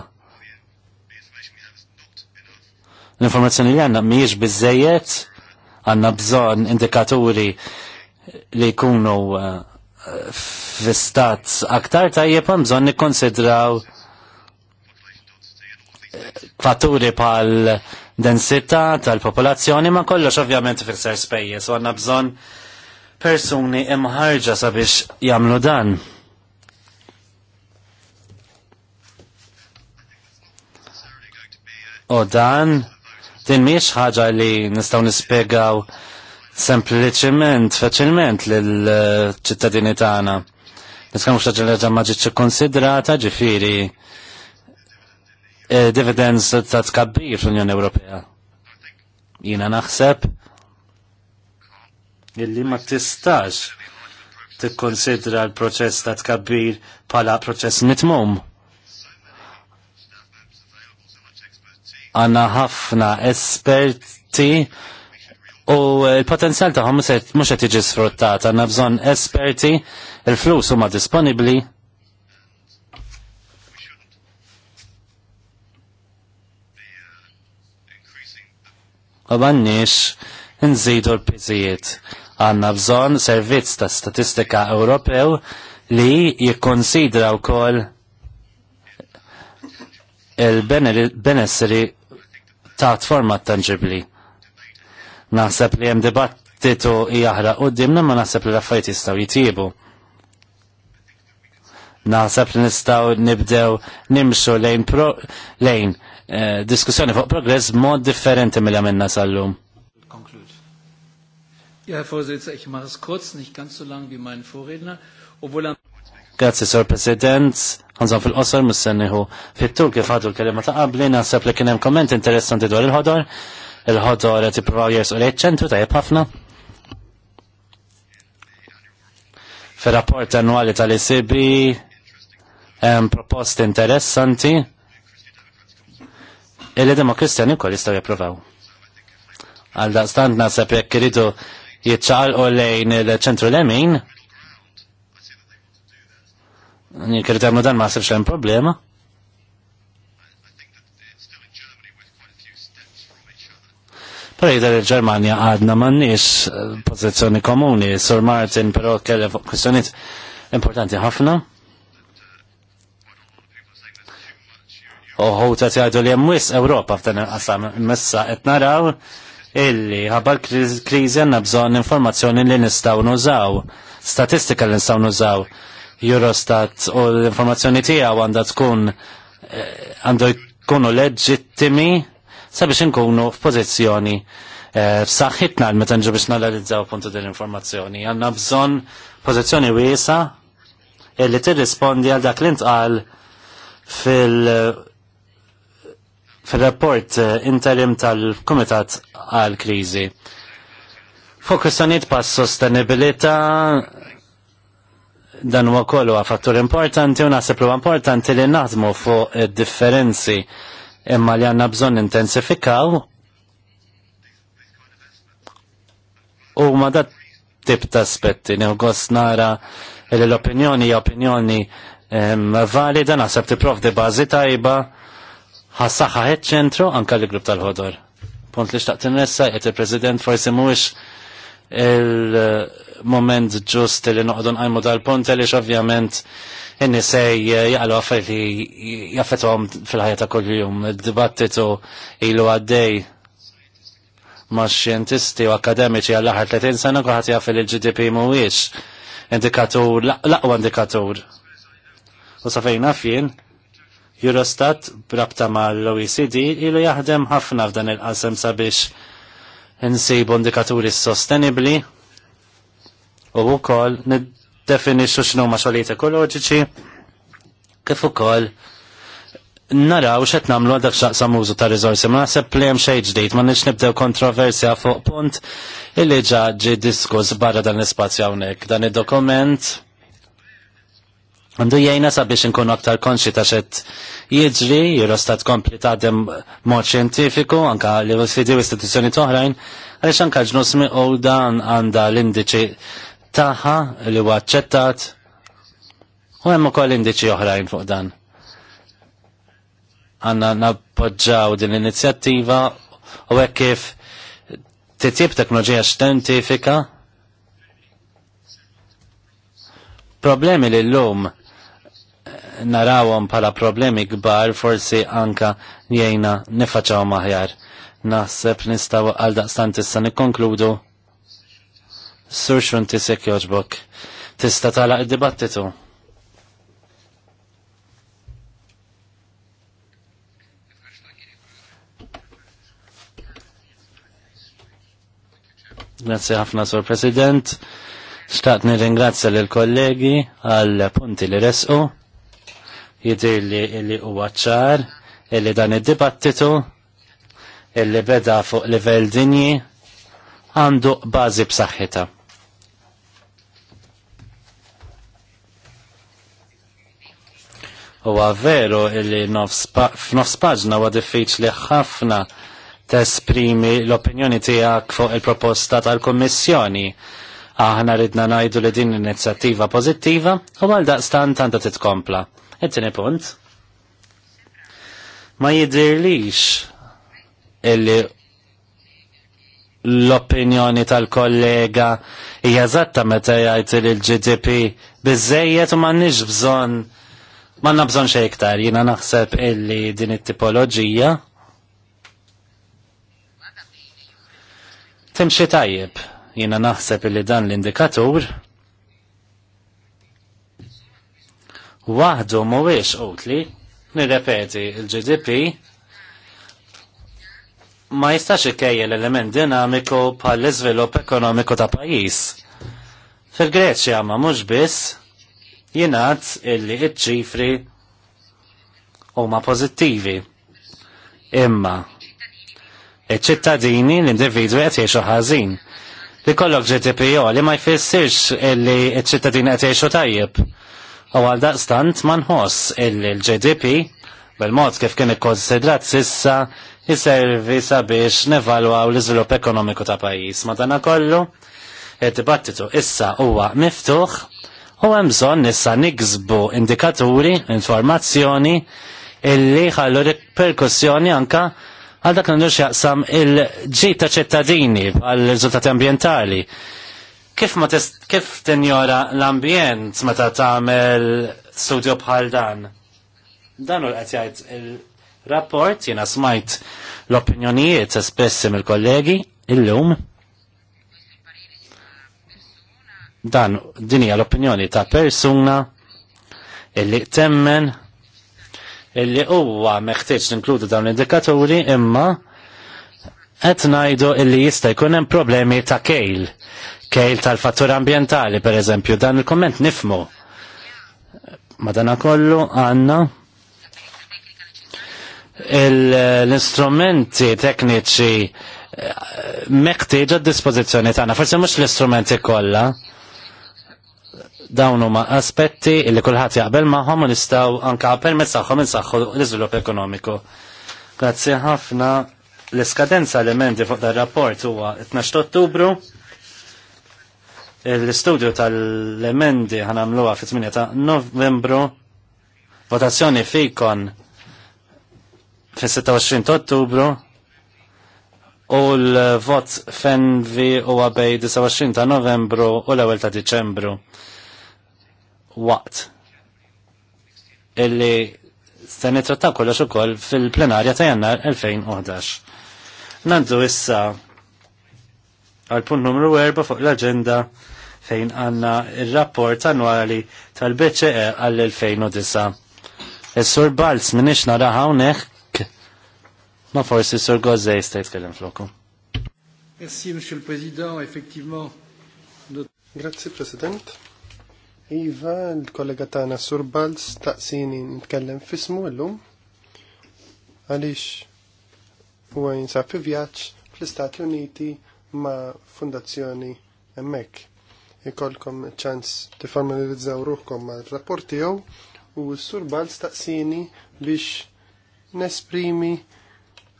L-informazzjoni li għanna mhijiex biżejjed għanna bżonn indikaturi li jkunu uh, aktar tajjeb għan bżonn nikkonsidraw fatturi pal densità tal-popolazzjoni ma kollox ovvjament ser spejje u għandna bżonn persuni imħarġa sabiex jagħmlu dan. U dan din miex ħaġa li nistgħu nispjegaw sempliċiment, faċilment lill-ċittadini tagħna. Nitkellmu x'ħaġa li ġa ma ġietx ikkonsidrata ġifieri dividends ta' tkabbir fl-Unjoni Ewropea. Jina naħseb illi ma tistax tikkonsidra l-proċess ta' tkabbir pala proċess nitmum. Għanna ħafna esperti u l-potenzjal taħħom mux qed jiġi sfruttat. Għanna bżonn esperti, il-flus huma disponibbli u m'għandniex nżidu l pizijiet Għanna bżonn servizz ta' statistika Ewropew li jikkonsidra wkoll il-benessri ta' format tangibli. Naħseb li hemm dibattitu u dimna ma naħseb li raffajt jistaw jistgħu naħseb li nistaw nibdew nimxu lejn pro, lejn Eh, diskussjoni fuq progress mod differenti mill għamilna sal-lum. Ja, Herr Vorsitzender, ich mache es kurz, nicht ganz so lang wie mein Vorredner, obwohl am Grazie, Sir President. Għanżan fil-qosor, mis-senniħu fit-tul kif għadu l-kelima ta' qabli, nasab li kienem komment interessanti dwar il-ħodor. Il-ħodor għet jiprofaw jersu li ċentru ta' ħafna. Fil-rapport annuali tal-ICB, proposti interessanti illi demokristjani wkoll jeprovaw. Għalda stand daqstant naħseb jekk jitxal u lejn il-ċentru l-emin, jekk għamlu dan ma ħsibx hemm problema. Pero jidher il ġermania għadna m'għandniex eh, pozizjoni komuni, Sur Martin pero kelle fuq importanti ħafna. uħu ta' tjadu li jemwis Ewropa f'dan il-qasam messa qed naraw illi ħabba krizi kriżi għandna bżonn informazzjoni li nistgħu nużaw, statistika li nistgħu nużaw. Eurostat u l-informazzjoni tiegħu għandha tkun eh, għandu jkunu leġittimi sabiex nkunu f'pożizzjoni eh, f'saħħitna għal meta nġu biex nalalizzaw puntu din l-informazzjoni. għanna bżonn pożizzjoni wiesa illi tirrispondi għal dak li ntqal fil- fil-rapport eh, interim tal-Kumitat għal-Krizi. Fokussaniet pa' sostenibilita dan huwa kollu fattur importanti u naħseb li importanti li naħdmu fuq differenzi imma li għanna bżonn intensifikaw u ma dat tip ta' aspetti negos nara li l-opinjoni opinjoni ehm, valida naħseb tipprovdi bażi tajba ħed ċentru anka li grupp tal-ħodor. Punt li xtaqt n-nessa, jgħet il-President forsi mux il-moment ġust li noqdu nqajmu dal-punt eh, li ovvjament inni sej jgħalu għaffar li għom fil-ħajja ta' kull-jum. Id-dibattitu ilu għaddej ma' xjentisti u akademiċi għall ħar 30 sena kuħat jaff il-GDP mhuwiex indikatur, laqwa indikatur. U safejna fien, Eurostat brabta mal-OECD ilu jaħdem ħafna f'dan il-qasem sabiex nsibu indikaturi sostenibli u wkoll niddefinixxu ma xogħlijiet ekoloġiċi kif ukoll naraw xet namlu għadak xaqsam użu ta' rizorsi, ma' naħseb plejem xej ġdijt, ma' nix nibdew kontroversja fuq punt illi ġaġi diskus barra dan l-spazju hawnhekk. Dan il-dokument Għandu sa sabiex nkun aktar konxi ta' xed jiġri, stat kompli ta' dem mod xjentifiku, anka li fidi u istituzzjoni toħrajn, għalix anka ġnusmi u dan għanda l-indiċi taħħa li huwa ċettat u hemm ukoll indiċi oħrajn fuq dan. Għanna nappoġġaw din l-inizjattiva u hekk kif titjib teknoloġija xjentifika problemi li l-lum narawhom bħala problemi kbar forsi anka jgħina nifaċaw maħjar. Naħseb nistaw għal daqstant issa nikkonkludu. Sur xun tisek joġbok. Tista tala id-dibattitu. Grazie ħafna, Sur President. Staqt nirringrazzja l-kollegi għal punti li resqu jidir li illi huwa ċar illi dan id-dibattitu illi beda fuq livell dinji għandu bażi b'saħħitha. Huwa veru illi f'nofs paġna huwa diffiċli ħafna tesprimi l-opinjoni tiegħek fuq il-proposta tal-Kummissjoni aħna ridna najdu li din l-inizjattiva pozittiva u għal daqstan tanta titkompla. Et-tieni punt. Ma jidirlix illi l-opinjoni tal-kollega hija eżatta meta jgħid il-GDP biżejjed u m'għandniex bżon m'għandna bżonn xejn iktar. Jiena naħseb illi din it-tipoloġija timxi tajjeb. Jiena naħseb illi dan l-indikatur waħdu mhuwiex utli, nirrepeti il-GDP ma jistax ikkejja l-element dinamiku l iżvilupp ekonomiku ta' pajjiż. Fil-Greċja ma mhux biss jingħad illi iċ-ċifri huma pożittivi. Imma iċ-ċittadini l-individwi qed jgħixu ħażin. Li kollok GDP li ma jfissirx illi iċ-ċittadini qed jgħixu tajjeb U għal daqstant ma nħoss il-GDP bil-mod kif kien ikkonsidrat sissa jiservi sabiex nevalwaw l-iżvilupp ekonomiku ta' pajjiż. Madana kollu, id-dibattitu issa huwa miftuħ u hemm bżonn issa niksbu indikaturi, informazzjoni illi ħallu perkussjoni anka għal dak nandux jaqsam il-ġita ċittadini għal riżultati ambientali kif ma kif tinjora l-ambjent meta tagħmel studio bħal dan? Dan u qed jgħid il-rapport jiena smajt l-opinjonijiet espressi mill-kollegi illum. Dan din hija l-opinjoni ta' persuna illi temmen illi huwa meħtieġ ninkludu dawn l-indikaturi imma qed ngħidu illi jista' jkun hemm problemi ta' kejl kejl tal-fattura ambientali, per eżempju, dan il-komment nifmu. Madana kollu għanna l-istrumenti tekniċi eh, meħtieġ d dispozizjoni tagħna, forsi mhux l-istrumenti kollha, dawn huma aspetti li kulħadd jaqbel magħhom u nistgħu anke permezz tagħhom insaħħu l-iżvilupp ekonomiku. Grazzi ħafna l-iskadenza elementi fuq dar rapport huwa 12 Ottubru l-studio tal-emendi ħanamluwa fit-8 ta' novembru votazzjoni fikon fi 26 ta' ottubru u l-vot fenvi u għabej 29 ta' novembru u l-ewel ta' diċembru waqt illi se ta' kollox ukoll fil-plenarja ta' jannar 2011. Nandu issa għal punt numru 4 fuq l-agenda fejn għanna il-rapport annuali tal-BCE għall-2009. Is-sur e Balz minix nara hawnhekk ma forsi s sur Gozzej stajt kellem flokum.
Merci, Monsieur le Président. Effectivement, notre... Grazie, President. Iva, l-kollega tagħna Sur Balz taqsini nitkellem fismu l-lum. llum għaliex huwa jinsab fi vjaġġ fl stati Uniti ma' fundazzjoni emmek ikolkom ċans tifamilizzaw ruħkom ma' rapport tiegħu u s-sur staqsini biex nesprimi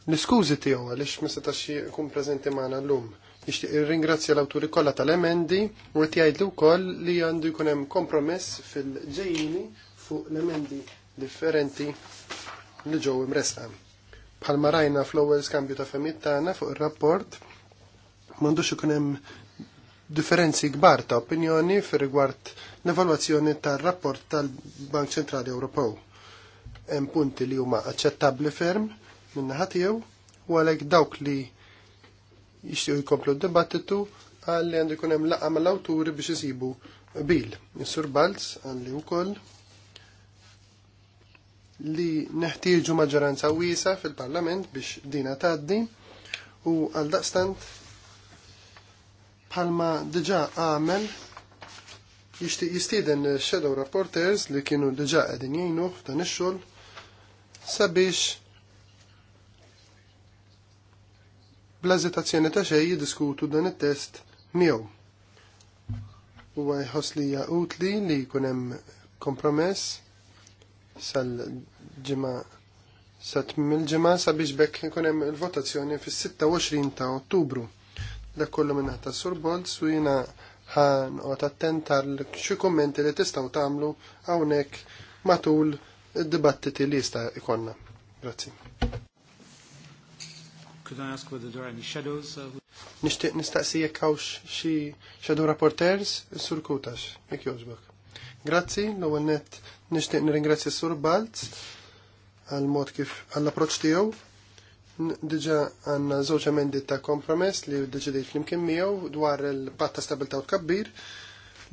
l-iskużi tiegħu għaliex ma setax jkun preżenti magħna llum. Nixtieq irringrazzja l-awturi kollha tal-emendi u qed jgħidlu wkoll li għandu jkun hemm kompromess fil-ġejjini fuq l-emendi differenti li ġew imresqa. Bħalma rajna fl-ewwel skambju ta' femittana tagħna fuq ir-rapport m'għandux ikun hemm differenzi kbar ta' opinjoni fir rigward l-evalwazzjoni tar-rapport tal-Bank Ċentrali Ewropew. Hemm punti li huma aċċettabbli ferm minnaħa tiegħu u għalhekk dawk li jixtiequ jkomplu d-dibattitu għalli għandu jkun hemm laqgħa mal-awturi biex isibu bil. Is-Sur Balz għalli wkoll li neħtieġu maġġoranza wiesa fil-Parlament biex dina tgħaddi u għal daqstant Palma diġa għamel jistiden shadow rapporters li kienu diġa għedin jienu f'dan ix-xogħol sabiex bl-eżitazzjoni ta' xej jiddiskutu dan it-test miegħu. Huwa għajħos li utli li jkun hemm kompromess sal-ġimgħa sa tmim il-ġimgħa sabiex bekk ikun hemm il-votazzjoni fis-26 ta' Ottubru dak kollu minna ta' sur su jina ħan u attent għal xi kummenti li tistgħu tagħmlu hawnhekk matul id-dibattiti li jista' ikonna. Grazzi.
Could I ask whether there are any shadows? Uh,
Nishtiq nistaqsi jekk hawnx xi shadow rapporters, sur Kutax, jekk jogħġbok. Grazzi, l-ewwel nett nixtieq nirringrazzja sur Balz għal mod kif għall approċċ tiegħu Diġa għanna zoċ emendi ta' kompromess li deċidejt flimkien miegħu dwar il patta ta' stabilta' u tkabbir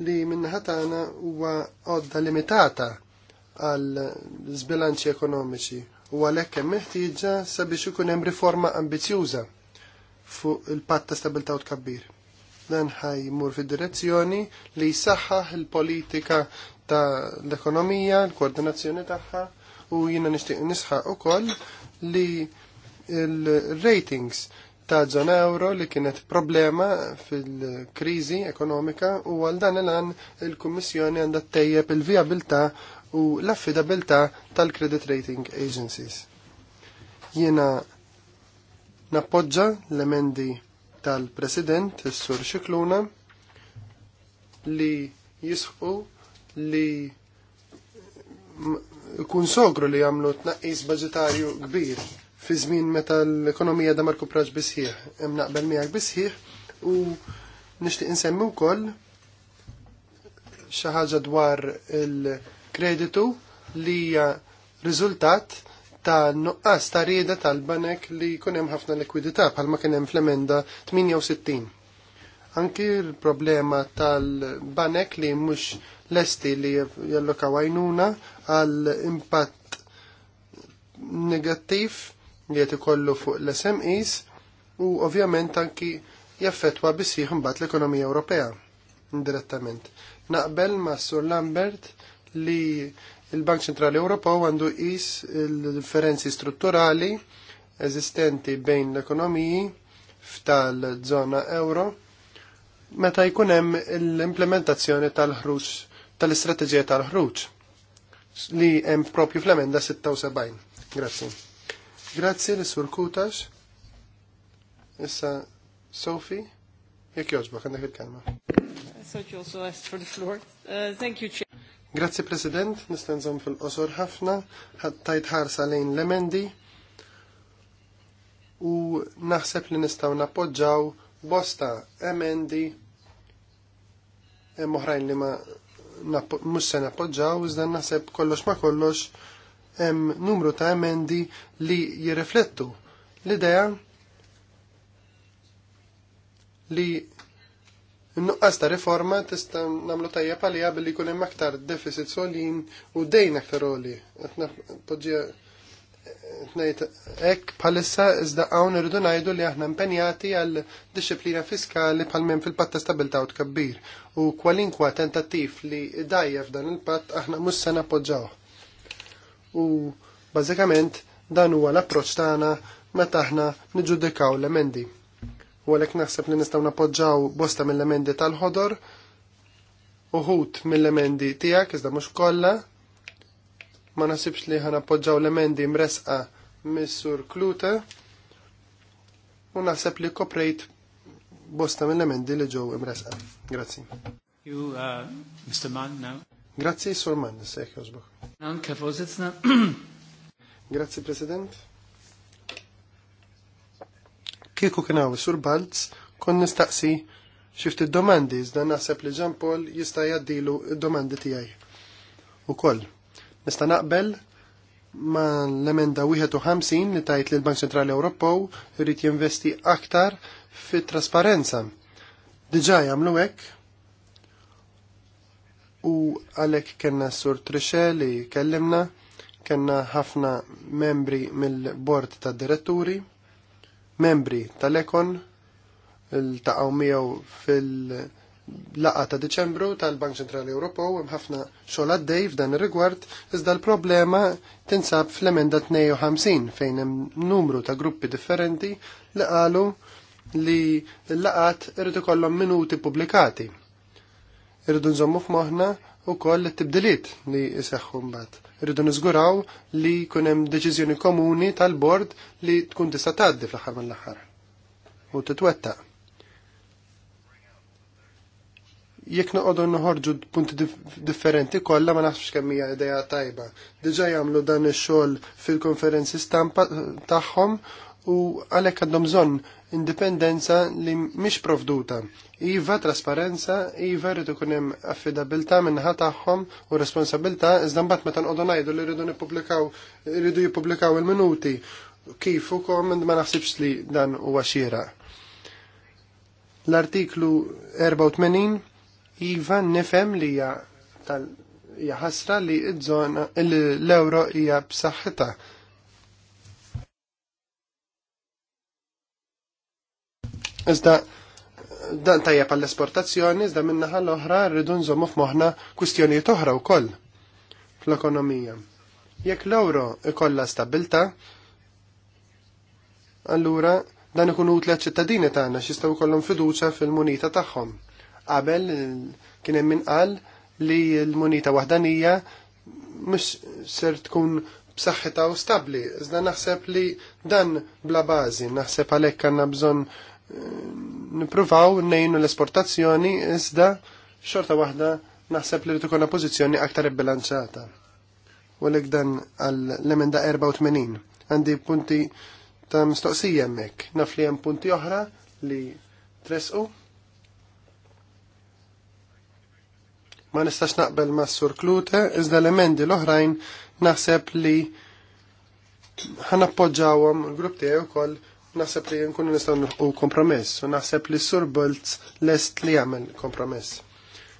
li minnaħat għana huwa għodda limitata għal zbilanċi ekonomiċi u għalhekk hemm meħtieġa sabiex ikun hemm riforma ambizjuża fuq il-patt ta' stabilta' u tkabbir. Dan ħaj ħajmur fid-direzzjoni li jsaħħaħ il-politika ta' l-ekonomija, l-koordinazzjoni tagħha u jiena nixtieq nisħaq ukoll li il-ratings ta' zona euro li kienet problema fil-krizi ekonomika u għal dan il-għan il-Kummissjoni għandha tejjeb il-viabilta u l-affidabilta tal-credit rating agencies. Jiena nappoġġa l-emendi tal-President, il-Sur Xikluna, li jisħu li kun sogru li għamlu tnaqqis budgetarju kbir fi żmien meta l-ekonomija da marku praġ bisħieħ, hemm naqbel miegħek bisħieħ u nixtieq insemmi wkoll xi ħaġa dwar il-kreditu li hija riżultat ta' nuqqas ta' rieda tal-banek li jkun hemm ħafna likwidità bħalma kien hemm fl-emenda 68. Anki l-problema tal-banek li mhux lesti li jallokaw għajnuna għal impatt negattiv li qed ikollu fuq l-SMEs u ovvjament anki jaffetwa bisih mbat l-ekonomija Ewropea indirettament. Naqbel ma' Sur Lambert li il-Bank Centrali Ewropew għandu jis il-differenzi strutturali eżistenti bejn l-ekonomiji f'tal-żona euro meta jkun hemm l-implementazzjoni tal-ħruġ tal-istrateġija tal-ħruġ li hemm propju fl-emenda 76. Grazzi. Grazie, nisur Kutax. Issa Sophie, jek joġba, għandek il-kelma.
Grazie, also asked for
uh, President, nistenżom fil-qosor ħafna, ħattajt ħarsa lejn l-emendi u naħseb li nistaw nappoġġaw bosta emendi moħrajn li ma mux se nappoġġaw, iżda naħseb kollox ma kollox hemm numru ta' emendi li jirriflettu l-idea li n Nuqqas ta' riforma tista' nagħmlu tajjeb palija billi jkun hemm aktar deficit solin u dejn aktar oli. Poġġija ngħid hekk bħalissa iżda hawn irridu ngħidu li aħna impenjati għal disciplina fiskali bħalmejn fil-patt stabilta' u tkabbir. U kwalinkwa tentattiv li dajja f'dan il-patt aħna mhux se nappoġġawh u bażikament dan huwa l-approċċ tagħna meta aħna niġġudikaw l-emendi. U għalhekk naħseb li nistgħu napoġġaw bosta mill-emendi tal-ħodor uħut mill-emendi tiegħek iżda mhux kollha ma nasibx li ħana appoġġaw l-emendi mresqa missur Klute u naħseb li koprejt bosta mill-emendi li ġew imresqa. Grazzi. You, uh, Mr. Mann, now. Grazzi, Sor Mannes, jek jozbuk. Anke, Fosizna. Grazzi, President. Kieku kienaw, Sur Balz, kon nistaqsi xifti domandi, iżda naħseb li Ġan Paul jista jaddilu domandi tijaj. U koll, nista naqbel ma l-emenda 51 li tajt li l-Bank Centrali Ewropew rrit jinvesti aktar fit trasparenza. Diġa jamlu hekk u għalek kena sur trixe li kellimna, kena ħafna membri mill-bord ta' diretturi, membri tal-ekon, il-taqaw miegħu fil-laqa ta' Deċembru tal-Bank Ċentrali Ewropew hemm ħafna xogħol għaddej f'dan ir-rigward iżda l-problema tinsab fl-emenda 52 fejn hemm numru ta' gruppi differenti li qalu li l-laqat irid ikollhom minuti pubblikati Irridu nżommu f'moħħna wkoll t tibdiliet li jseħħu mbagħad. Irridu niżguraw li jkun hemm deċiżjoni komuni tal-bord li tkun tista' tgħaddi fl-aħħar mal aħħar u titwettaq. jekk noqogħdu noħorġu punti differenti kollha ma nafx kemm hija idea tajba. Diġà jagħmlu dan ix-xogħol fil-konferenzi stampa tagħhom u għalhekk għandhom bżonn indipendenza li mhix provduta. Iva trasparenza, iva rridu kun hemm affidabilità minħa tagħhom u responsabilità iżda mbagħad meta nqogħdu ngħidu li rridu nippubblikaw rridu jippubblikaw il-minuti kif ukoll ma naħsibx li dan huwa xieraq. L-artiklu 84 iva nifhem li hija tal hija ħasra li l-euro hija b'saħħitha Iżda dan tajja għall esportazzjoni iżda min-naħa l-oħra rridu nżommu f'moħħna kwistjonijiet oħra wkoll fl-ekonomija. Jekk l-euro ikollha stabilta, allura dan ikun utli ċittadini tagħna x'jistgħu jkollhom fiduċja fil-munita tagħhom. Qabel kien hemm min qal li l-munita waħdanija mhux ser tkun b'saħħitha u stabbli, iżda naħseb li dan bla bażi, naħseb għalhekk għandna bżonn nipruvaw nejnu l-esportazzjoni iżda xorta waħda naħseb li tukuna pożizzjoni aktar ibbilanċata. U l dan għall-emenda 84. Għandi punti ta' mistoqsija hemmhekk. Naf li hemm punti oħra li tresqu. Ma nistax naqbel ma' sur Klute, iżda l-emendi l-oħrajn naħseb li ħanappoġġawhom il-grupp tiegħi wkoll naħseb li nkunu nistgħu nħu kompromess u naħseb li Sur Bolz lest li jagħmel kompromess.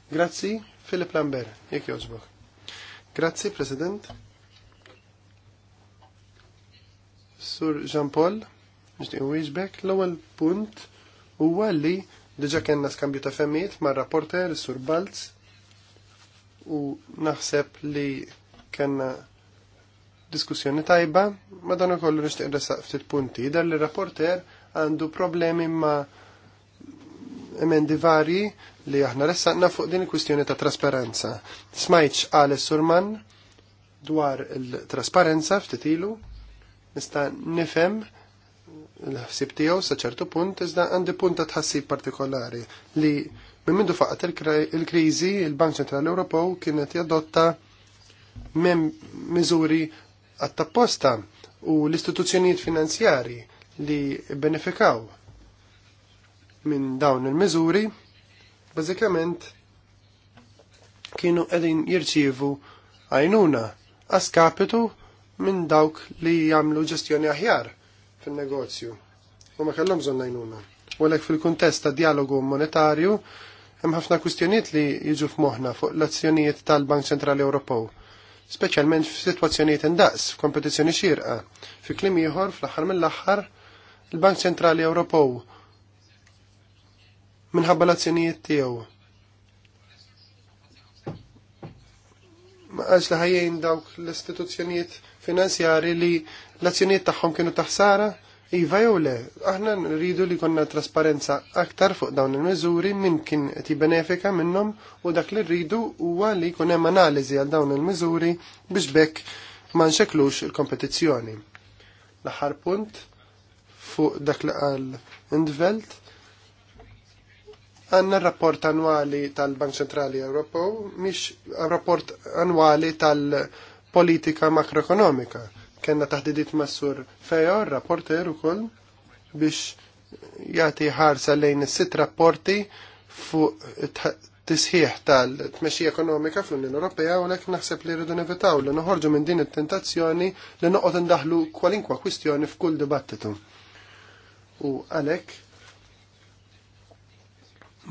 Grazzi, Filip Lamber, jekk jogħġbok. Grazzi, President. Sur Jean-Paul, nixtieq wieġbek, l-ewwel punt huwa li diġa kellna skambju ta' femmijiet ma' rapporter Sur Balz u naħseb li kellna diskussjoni tajba, ma dan ukollu nixtieq nresaq ftit punti. Dan li rapporter għandu problemi ma' emendi varji li aħna ressaqna fuq din il-kwistjoni ta' trasparenza. Smajċ għale Surman dwar il-trasparenza ftit ilu, nista' nifhem l-ħsib tiegħu sa ċertu punt iżda għandi punta tħassib partikolari li minn mindu faqat il-kriżi il-Bank Ċentrali Ewropew kienet jadotta minn miżuri għat u l-istituzzjonijiet finanzjari li benefikaw minn dawn il-miżuri, bażikament kienu qegħdin jirċievu għajnuna għaskapitu minn dawk li jagħmlu ġestjoni aħjar fin-negozju. U ma kellhom bżonn għajnuna. U għalhekk fil-kuntest ta' dialogu monetarju hemm ħafna kwistjonijiet li jiġu f'moħħna fuq l-azzjonijiet tal-Bank Ċentrali Ewropew speċjalment f'sitwazzjonijiet indaqs, f'kompetizzjoni xirqa. Fi klim ieħor fl-aħħar mill-aħħar il-Bank Centrali Ewropew minħabba l-azzjonijiet tiegħu. Ma għax li ħajjin dawk l-istituzzjonijiet finanzjari li l-azzjonijiet tagħhom kienu taħsara, Iva jew le, aħna rridu li konna trasparenza aktar fuq dawn il-miżuri minn kien ti benefika minnhom u dak li rridu huwa li jkun hemm analiżi għal dawn il-miżuri biex bekk ma nxeklux il-kompetizzjoni. L-aħħar punt fuq dak li qal Indvelt għanna rapport annwali tal-Bank Ċentrali Ewropew, mhix rapport annwali tal-politika makroekonomika kena taħdidit massur Fejor, rapporter ukoll biex jagħti ħarsa lejn is-sitt rapporti fuq tisħiħ tal-tmexxija ekonomika fl-Unjoni Ewropea u lek naħseb li rridu nevitaw li noħorġu minn din it-tentazzjoni li noqgħod indaħlu kwalinkwa kwistjoni f'kull dibattitu. U għalhekk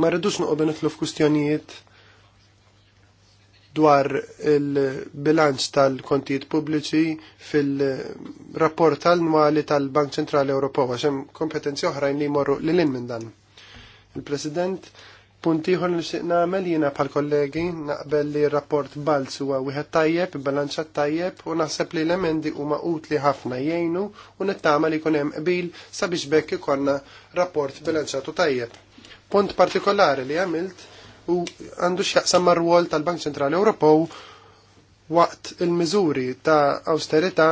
ma rridux noqogħdu nitlu f'kwistjonijiet dwar il-bilanċ tal-kontijiet pubbliċi fil-rapport annwali tal-Bank Ċentrali Ewropew għax hemm kompetenzi oħrajn li jmorru lil minn dan. Il-President li nixtieq nagħmel jiena bħal kollegi naqbel li r-rapport Balz huwa wieħed tajjeb, bilanċat tajjeb u naħseb li l-emendi huma utli ħafna jgħinu u nittama li jkun hemm qbil sabiex bekk ikollna rapport bilanċatu tajjeb. Punt partikolari li għamilt u għandu x'jaqsam mar-rwol tal-Bank Ċentrali Ewropew waqt il-miżuri ta' austerita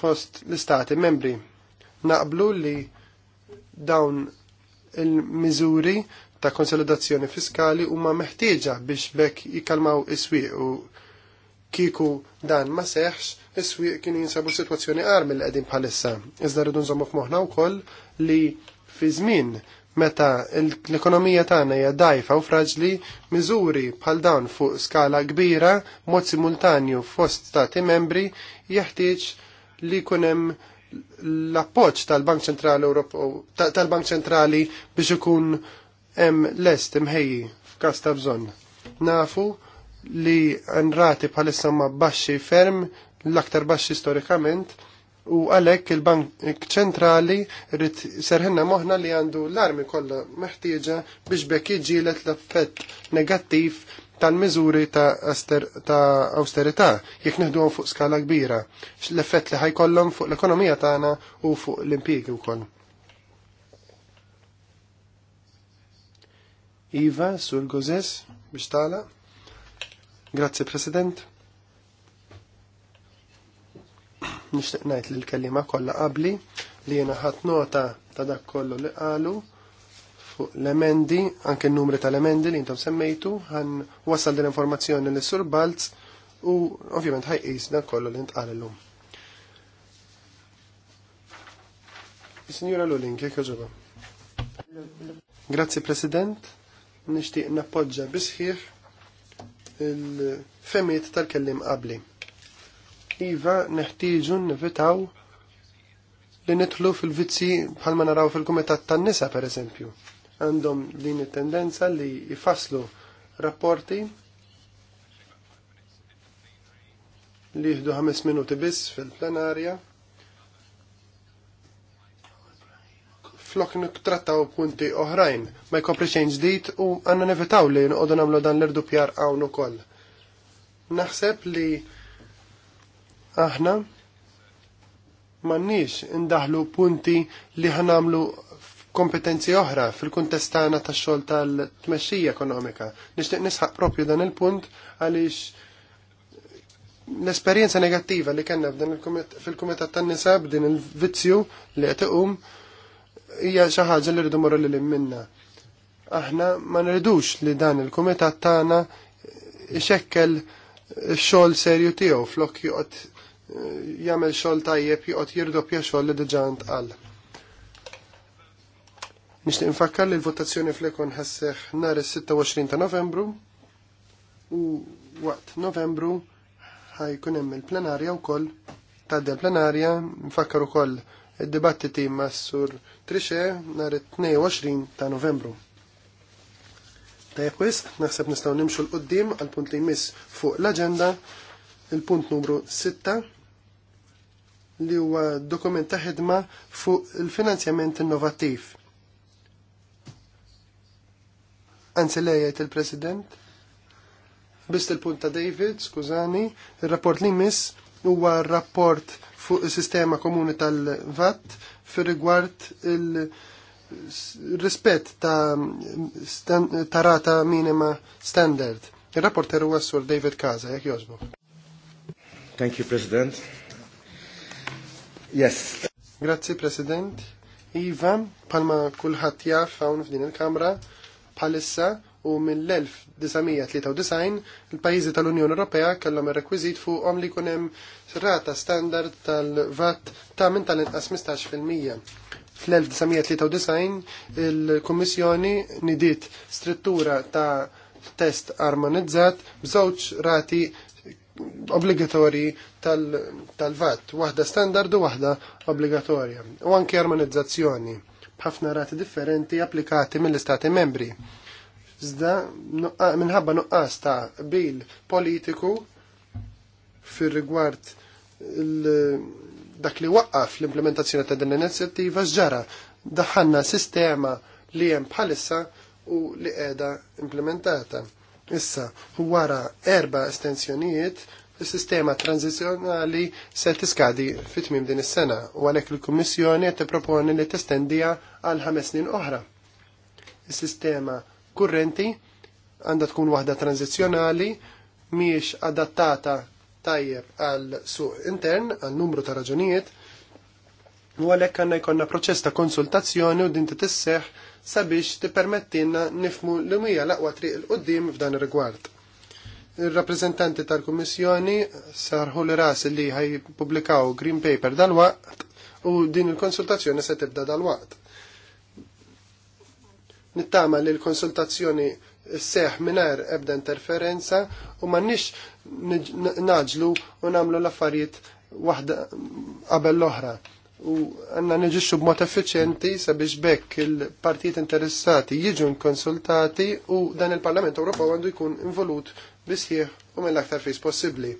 fost l-istati membri. Naqblu li dawn il-miżuri ta' konsolidazzjoni fiskali huma meħtieġa biex bekk jikalmaw is-swieq u kiku dan ma seħx is-swieq kienu jinsabu situazzjoni qar l-edin bħalissa. Iżda rridu nżommu u wkoll li fi żmien meta l-ekonomija tagħna hija dajfa u fraġli, miżuri bħal dawn fuq skala kbira mod simultanju fost stati membri jeħtieġ li jkun hemm l-appoġġ tal-Bank Ċentrali tal-Bank Ċentrali biex ikun hemm lest imħejji f'każ ta' bżonn. Nafu li nrati bħalissa ma' baxxi ferm l-aktar baxxi storikament u għalhekk il-Bank Ċentrali rrid serħinna moħħna li għandu l-armi kollha meħtieġa biex bekk iġi l-effett negattiv tal-miżuri ta', aster, ta austerità jekk neħduhom fuq skala kbira, l-effett li ħajkollhom fuq l-ekonomija tagħna u fuq l-impjiegi wkoll. Iva, sul gozes biex tala. Grazie President. nixtieq ngħid l kelliema kollha qabli li jiena ħadd nota ta' dak kollu li qalu fuq l-emendi, anke n-numri tal-emendi li intom semmejtu, ħan wasal din informazzjoni li sur Balz u ovvjament ħajqis dak kollu li ntqal illum. Signora Lulin, kif ġoba? Grazzi President, nixtieq nappoġġa bisħiħ il-femiet tal-kellim qabli Iva neħtieġu nivitaw li nidħlu fil-vizzi bħalma naraw fil-kumitat tan-nisa pereżempju. Għandhom din it-tendenza li jifaslu rapporti li jihdu ħames minuti biss fil-plenarja. Flok nuk-trattaw punti oħrajn, ma jkopri xejn ġdid u għanna nevitaw li nqodu namlu dan l-irdu pjar hawn ukoll. Naħseb li aħna mannix indaħlu punti li ħanamlu kompetenzi oħra fil kontestana ta' xol tal-tmexxija ekonomika. Nixtieq nisħaq propju dan il-punt għaliex l-esperjenza negattiva li kellna fil-kumitat tan-nisa b'din il-vizzju li qed iqum hija xi ħaġa li rridu morru lil minna. Aħna ma nridux li dan il-kumitat tagħna ixekkel xogħol serju tiegħu flok joqgħod jagħmel xogħol tajjeb joqgħod jirdoppja xogħol li diġà ntqal. Nixtieq infakkar li l-votazzjoni flekon ekon ħasseħ nhar is-26 ta' Novembru u waqt Novembru ħajkun hemm il-plenarja wkoll tad plenarja nfakkar ukoll id-dibattiti mas sur Trixe nhar it 22 ta' Novembru. Tajab wis, naħseb nistgħu nimxu l qudiem għal-punt li jmiss fuq l aġenda il-punt numru 6, li huwa dokument ta' ħidma fuq il-finanzjament innovativ. Anzi lejjed il-President. Bist il-punt ta' David, skużani, il-rapport li miss huwa rapport fuq is-sistema komuni tal-VAT fir rigward il- rispett ta', ta rata minima standard. Il-rapporter huwa Sur David Kaza, jek jogħġbu.
Thank you, President. Yes.
Grazzi, President. Iva, palma kullħat jaf hawn f'din il-Kamra, palissa u mill-1993 il-pajjiżi tal-Unjoni Ewropea kellhom ir-rekwiżit fuqhom li jkun hemm rata standard tal-VAT ta' minn tal-inqas 15%. Fl-1993 il-Kummissjoni nidiet struttura ta' test armonizzat b'żewġ rati obbligatorji tal-VAT, waħda standard u waħda obbligatorja, u anke armonizzazzjoni b'ħafna rati differenti applikati mill-Istati membri. Iżda minħabba nuqqas ta' bil politiku fir rigward dak li waqqaf l-implementazzjoni ta' din l-inizjattiva ġara daħanna sistema li hemm bħalissa u li qiegħda implementata Issa, wara erba estensjonijiet, il-sistema tranzizjonali se tiskadi fit-tmim din is-sena u għalhekk il-Kummissjoni qed tipproponi li testendija għal ħames snin oħra. Is-sistema kurrenti għandha tkun waħda tranzizjonali miex adattata tajjeb għal suq intern għal numru ta' raġunijiet u għalhekk għandna jkollna proċess ta' konsultazzjoni u din titisseħ sabiex tippermettilna nifmu li mija l-aqwa triq il-qoddim f'dan ir-rigward. Ir-rappreżentanti tal-Kummissjoni sarħu li ras li ħaj publikaw Green Paper dal-waqt u din il-konsultazzjoni se tibda dal-waqt. Nittama li l-konsultazzjoni seħ minar ebda interferenza u mannix naġlu u namlu l-affarijiet wahda qabel l-oħra u għanna b b'mod effiċjenti sabiex bekk il-partijiet interessati jiġu konsultati u dan il-Parlament Ewropew għandu jkun involut bisħieħ u mill-aktar fejs possibbli.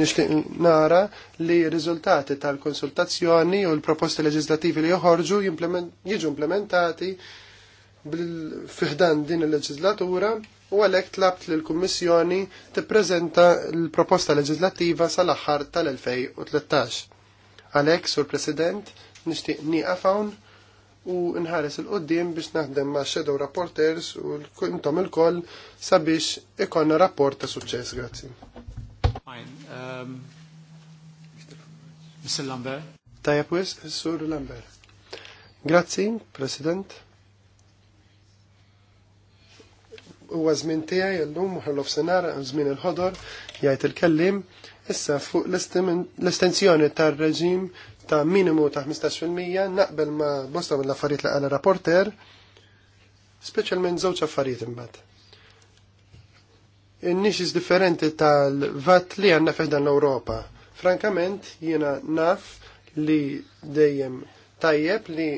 Nixtieq nara li r-riżultati tal-konsultazzjoni u l-proposti leġislativi li joħorġu jiġu implementati fiħdan din il-leġislatura u għalhekk tlabt li l-Kummissjoni tippreżenta l-proposta leġislattiva sal-aħħar tal-2013 Għalhekk, sur President, nixtieq niqafawn u nħares il-qoddim biex naħdem ma' Shadow Rapporters u intom il-koll sabiex ikonna rapport ta' suċċess, grazzi. Mr. Um, Lambert. Tajab wis, Sur Lambert. Grazzi, President. huwa żmien tiegħi llum ħarlof senar żmien il-ħodor jgħid il-kellim issa fuq l-estensjoni tar-reġim ta' minimu ta' 15% naqbel ma' bosta mill-affarijiet li qal rapporter speċjalment żewġ affarijiet imbagħad. In-nixis differenti tal-vat li għandna fiħdan l-Ewropa. Frankament jiena naf li dejjem tajjeb li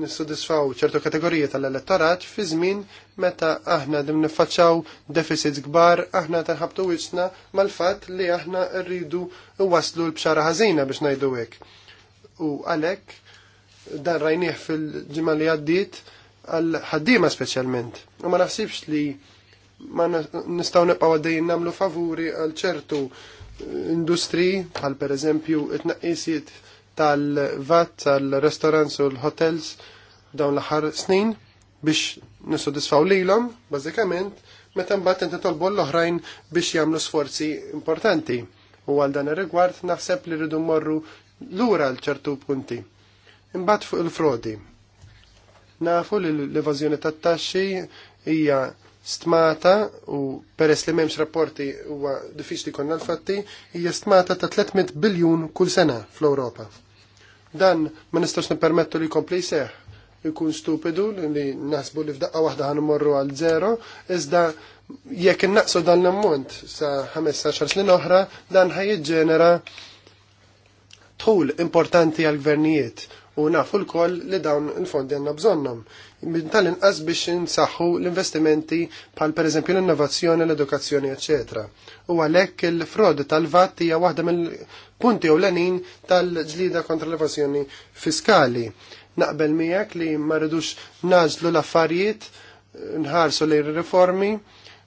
nissodisfaw ċertu kategoriji tal-elettorat fi żmien meta aħna dim niffaċċaw deficits kbar, aħna tanħabtu wisna mal-fatt li aħna rridu waslu l-bxara ħażina biex ngħidu hekk. U għalhekk dan rajnieh fil-ġimgħa li għaddiet għal ħaddiema speċjalment. U ma naħsibx li ma nistgħu nibqgħu għaddejjin nagħmlu favuri għal ċertu eh, industri bħal pereżempju it-tnaqqisiet tal-VAT tal-restaurants u l-hotels dawn l-aħħar snin biex nissodisfaw lilhom bażikament meta mbagħad inti tolbu l-oħrajn biex jagħmlu sforzi importanti. U għal dan ir-rigward naħseb li rridu mmorru lura l-ċertu punti. Imbagħad fuq il-frodi. Nafu li l-evażjoni tat-taxxi hija stmata u peress li memx rapporti huwa diffiċli konna l-fatti hija stmata ta' 300 biljun kull sena fl-Ewropa. Dan ma nistax nippermettu li jkompli seħ Ikun stupidu li nasbu li f'daqqa waħda ħan morru għal zero, iżda jekk innaqsu dan l-ammont sa 15 snin oħra, dan ħajġġenera tħul importanti għal gvernijiet u nafu l-koll li dawn il-fondi għanna bżonnom. Min tal-inqas biex nsaħħu l-investimenti pal per eżempju l-innovazzjoni, l-edukazzjoni, ecc. U għalhekk il-frod tal-VAT hija waħda mill-punti ewlenin tal-ġlida kontra l-evazjoni fiskali. Naqbel miegħek li ma rridux naġlu l-affarijiet nħarsu lejn riformi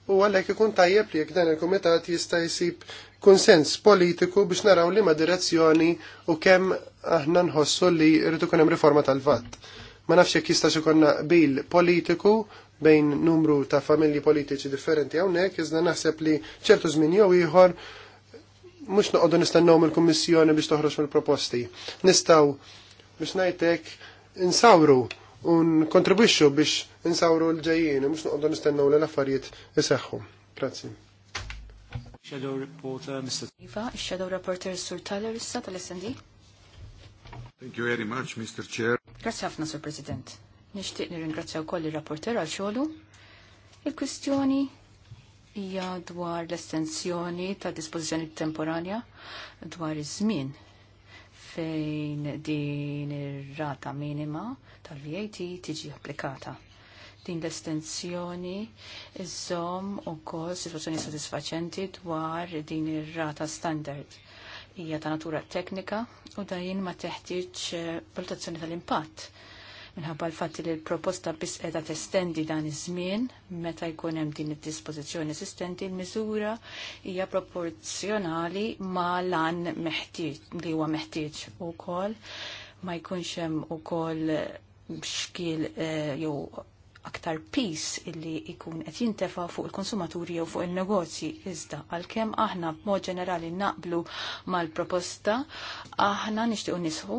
u għalhekk ikun tajjeb li jekk dan il-kumitat jista' jsib konsens politiku biex naraw li ma direzzjoni u kemm aħna nħossu li rridu kun hemm riforma tal-vatt. Ma nafx jekk jistax konna bil politiku bejn numru ta' familji politiċi differenti hawnhekk, iżda naħseb li ċertu żmien jew ieħor mhux noqogħdu nistennhom il-Kummissjoni biex toħroġ mill-proposti. Nistgħu biex ngħidlek insawru u nkontribwixxu biex insawru l-ġejjin, mhux noqogħdu nistennew l affarijiet iseħħu. Grazzi.
Shadow Reporter, Mr.
Iva, Shadow Reporter Sur Tyler, issa tal-SND.
Thank you very much, Mr. Chair.
Grazie ħafna, Sur President. Nishtiq nirringrazzja wkoll ir-rapporter għal xogħlu. Il-kwistjoni hija dwar l-estensjoni ta' dispożizzjoni temporanja dwar iż-żmien fejn din ir-rata minima tal-VAT tiġi applikata din l-estensjoni iżom u kol situazzjoni satisfaċenti dwar din ir-rata standard. Hija ta' natura teknika u dajin ma teħtieġ eh, valutazzjoni tal-impatt. Minħabba l-fatt li l-proposta biss qiegħda testendi dan iż-żmien meta jkun hemm din id-dispożizzjoni esistenti, l-miżura hija proporzjonali ma' lan meħtieġ li huwa meħtieġ ukoll ma jkunx hemm ukoll xkiel eh, jew aktar pis illi ikun qed jintefa' fuq il-konsumaturi jew fuq il-negozji iżda għalkemm aħna b'mod ġenerali naqblu mal-proposta aħna nixtiequ nisħu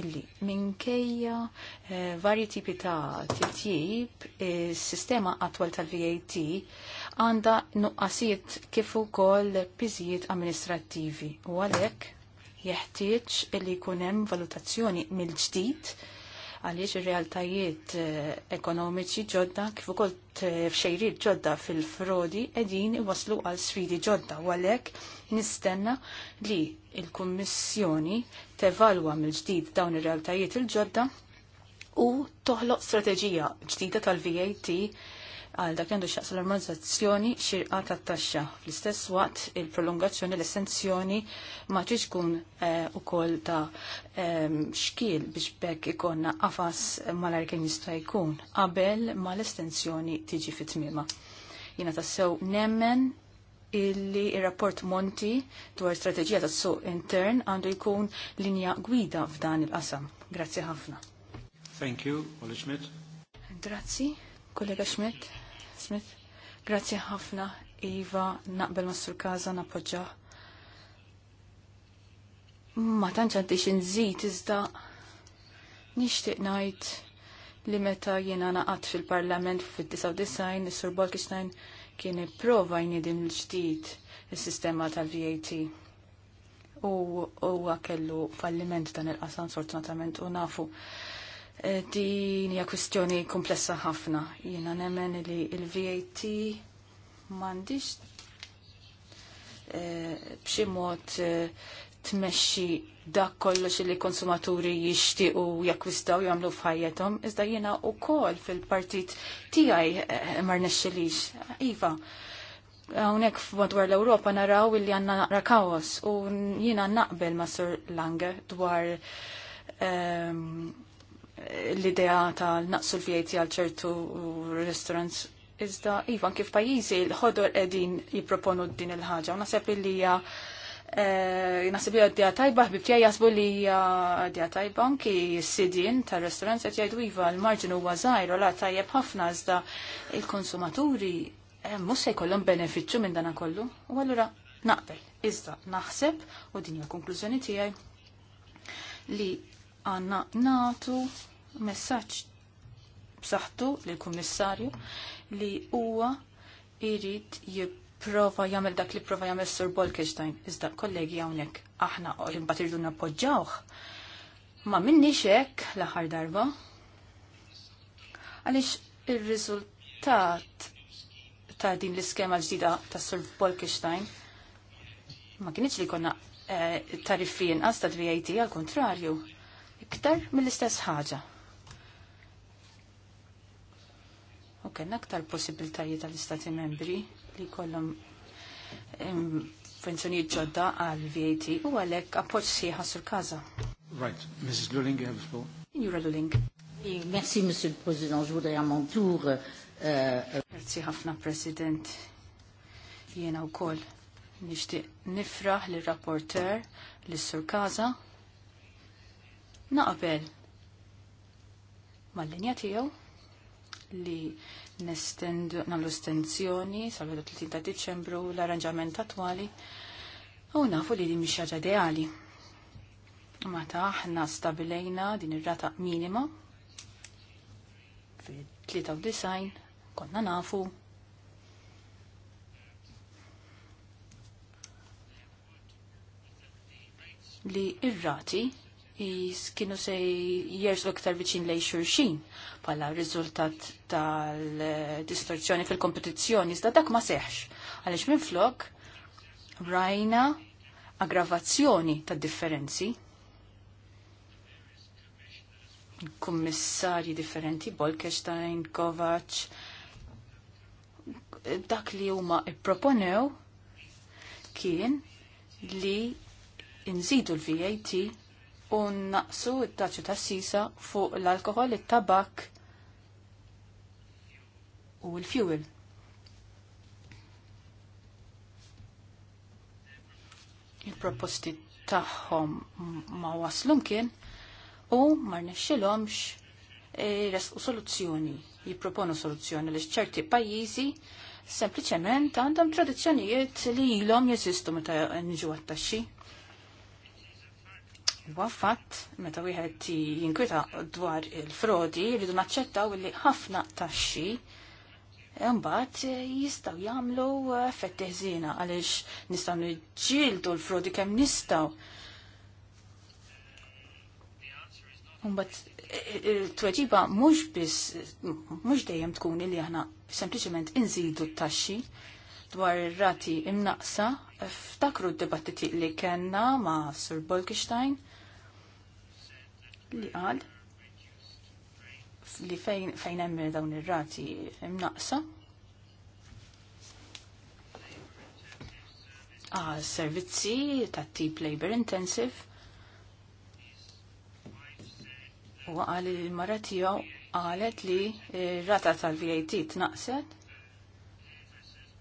illi minkejja eh, varji tipi ta' titjib is-sistema eh, attwal tal-VAT għanda nuqqasiet kif ukoll piżijiet amministrattivi u għalhekk jeħtieġ li jkun hemm valutazzjoni mill-ġdid għaliex ir-realtajiet eh, ekonomiċi ġodda kif ukoll f'xejriet ġodda fil-frodi qegħdin iwaslu għal sfidi ġodda u għalhekk nistenna li il-Kummissjoni tevalwa mill-ġdid dawn ir-realtajiet il-ġodda u toħloq strateġija ġdida tal-VAT għal dak għandu xaqsa l-armonizzazzjoni xirqa ta' taxxa. Fl-istess waqt il-prolungazzjoni l-essenzjoni ma tix tkun eh, u koll ta' ehm, xkiel biex bekk ikonna għafas mal-ar jista' jkun qabel ma l-estensjoni tiġi fit Jina Jiena tassew nemmen illi il-rapport Monti dwar strategija tas suq intern għandu jkun linja gwida f'dan il-qasam. Grazzi ħafna.
Thank you, Oli Schmidt.
Grazzi, kollega Schmidt. Smith. Grazzi ħafna, Iva, naqbel ma' sur kaza Napoġġa. Ma tantx għandix inżid iżda nixtieq ngħid li meta jiena naqat fil-Parlament fid-99 is-Sur Bolkestein kien ipprova jniedim l-ġdid is-sistema tal-VAT. U huwa kellu falliment dan il-qasam sfortunatament u nafu Eh, din hija kwistjoni komplessa ħafna. Jiena nemmen li il-VAT m'għandix eh, b'xi mod eh, tmexxi dak kollox li konsumaturi jixtiequ jakkwistaw jagħmlu f'ħajjethom, iżda jiena wkoll fil-partit tiegħi mar nexxilix. Iva, hawnhekk madwar l-Ewropa naraw li għandna naqra kaos u jiena naqbel ma' Sur Lange dwar um, l-idea tal-naqsu l vjeti għal ċertu restaurants. Iżda, Ivan, kif pajizi l-ħodor edin jiproponu din il-ħagġa. U nasab li hija eh, nasib li għaddija tajba, ħbibtija jasbu li għaddija tajba anki s-sidin ta' restaurants għet jgħidu Iva l-marġin u għazajr u la tajjeb ħafna iżda il-konsumaturi eh, mus se jkollhom benefiċċju minn dana kollu. U allura naqbel, iżda naħseb u din hija konklużjoni tiegħi li għanna natu messaċ b'saħħtu lill kummissarju li huwa jrid jipprova jagħmel dak li prova jagħmel Sur Bolkestein. Iżda kollegi hawnhekk aħna li mbagħad irdu nappoġġawh. Ma minniex hekk l-aħħar darba. Għaliex ir-riżultat ta' din l-iskema ġdida ta' Sur Bolkestein ma kienx li konna eh, tariffi inqas ta' VAT għal kontrarju iktar mill-istess ħaġa. U kena aktar possibiltajiet tal-istati membri li kollom funzjonijiet ġodda għal VAT u għalek appoġġ sieħa sur kaza.
Right, Mrs. Luling, you have the floor.
Jura Luling. Merci, Monsieur le Président. Je voudrais à mon tour... Merci euh, euh, Hafna, President. Jena u koll nishti nifraħ li rapporter li sur kaza Naqbel mal-linja tiegħu li nestendu nagħmlu estensjoni sal-30 ta' Diċembru l-arranġament attwali u nafu li din mhix ħaġa ideali. Meta aħna stabilejna din ir-rata minima fil-93 konna nafu li ir-rati Jis kienu se jerslu iktar viċin lej xurxin pala riżultat tal-distorzjoni fil-kompetizzjoni, iżda dak ma seħx. Għalix minn flok, rajna aggravazzjoni ta' differenzi. Kummissarji differenti, Bolkestein, Kovac, dak li huma ipproponew kien li nżidu l-VAT u naqsu t taċċu ta' sisa fuq l-alkohol, it-tabak u l-fuel. Il-proposti tagħhom ma waslum kien u ma rnexxilhomx e, resqu soluzzjoni, jipproponu soluzzjoni li ċerti pajjiżi sempliċement għandhom tradizzjonijiet li ilhom jeżistu meta nġu għat-taxxi waffat meta wieħed jinkwita dwar il-frodi jridu naċċettaw li ħafna taxxi Mbagħad jistgħu jagħmlu effetti ħsiena għaliex nistgħu niġġieldu l-frodi kemm nistgħu. Mbagħad il-tweġiba mhux biss mhux dejjem tkun li aħna sempliċement inżidu t-taxxi dwar ir-rati imnaqsa ftakru d-dibattiti li kellna ma' Sur Bolkestein li qal li fejn fejn hemm dawn ir-rati imnaqsa. Ah, servizzi ta' tip labor intensive u għal il-mara tiegħu qalet li r-rata tal-VAT tnaqset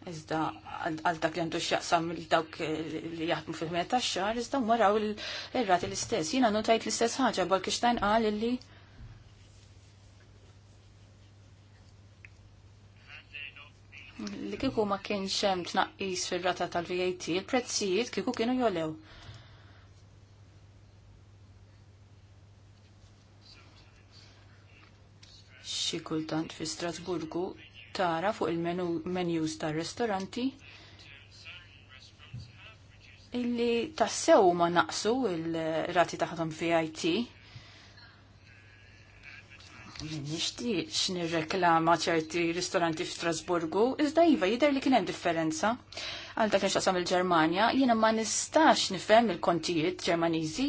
Iżda għal dak li għandu x'jaqsam dawk eh, li jaħdmu fil-ħmija tax-xahar, iżda maraw ir-rati l-istess. Jiena notajt l-istess ħaġa Bolkestein qal illi li kieku ma kienx hemm tnaqqis fir-rata tal-VAT, il-prezzijiet kieku kienu jolew. xi kultant fi Strasburgu tara fuq il-menus tar-ristoranti illi tassew ma naqsu il-rati taħdom fi IT. Nishti reklama ċerti ristoranti f'Strasburgu, iżda iva jidher li kien hemm differenza. Għal dak nixtaqsam il-Ġermanja, jiena ma nistax nifhem il-kontijiet Ġermaniżi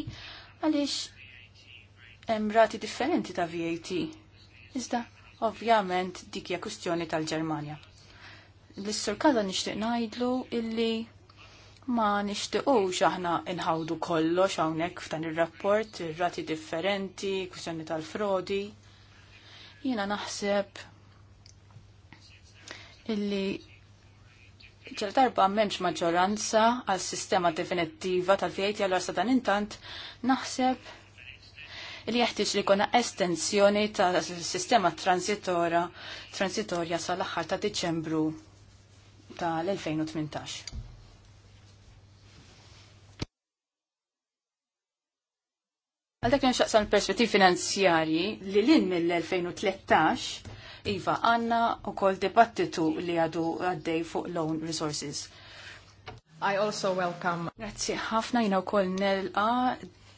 għaliex hemm rati differenti ta' VAT. Iżda Ovvjament dik hija kwistjoni tal-Ġermanja. L-Sur Kaza nixtieq ngħidlu illi ma nixtiequx aħna inħawdu kollox hawnhekk f'dan ir-rapport, ir-rati differenti, kwistjoni tal-frodi. Jiena naħseb illi ċel darba m'hemmx maġġoranza għal sistema definittiva tal-VAT għal dan intant naħseb li jeħtieġ li jkollna estensjoni ta' sistema transitora transitorja sal-aħħar ta' Diċembru tal-2018. Għal dak nxaqsan perspettiv finanzjarji li l-in mill-2013, Iva, għanna u kol dibattitu li għadu għaddej fuq Loan Resources. I also welcome. Grazie ħafna jina u kol nelqa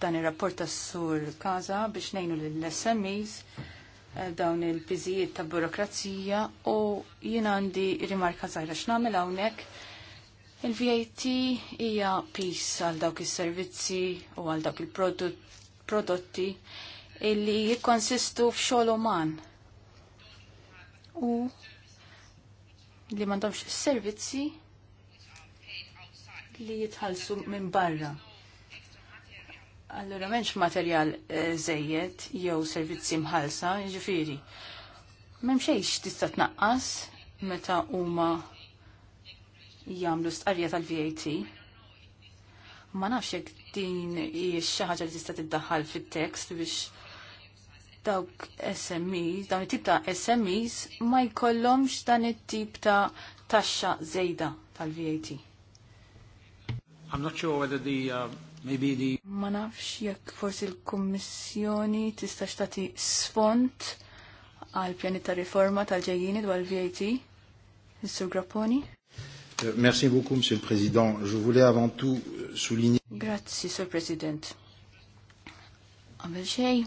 dan ir-rapport tas-sur Kaza biex ngħinu lill-SMEs eh, dawn il-biżijiet ta' burokrazija u jien għandi rimarka zaħra x'namel hawnhekk il-VAT hija pis għal dawk is-servizzi u għal dawk il-prodotti illi jikkonsistu f'xogħol uman u li m'għandhomx servizzi li jitħallsu minn barra Allura menx materjal eh, żejjed jew servizzi mħalsa, ġifiri. Mem xejx tista' tnaqqas meta huma jagħmlu stqarrija tal-VAT. Ma nafx jekk din hija xi ħaġa li tista' tiddaħħal fit-tekst biex dawk SMEs, dawn it-tip ta' SMEs ma jkollhomx dan it-tip ta' taxxa żejda tal-VAT.
I'm not sure whether the uh, Maybe the...
Ma nafx jekk forsi l-Kummissjoni tista' tagħti sfond għal pjani ta' riforma tal-ġejjini dwar VAT. Mr. Grapponi.
Euh, merci beaucoup, Monsieur le Président. Je voulais avant tout euh, souligner...
Grazie, Sir President. Għamil xej,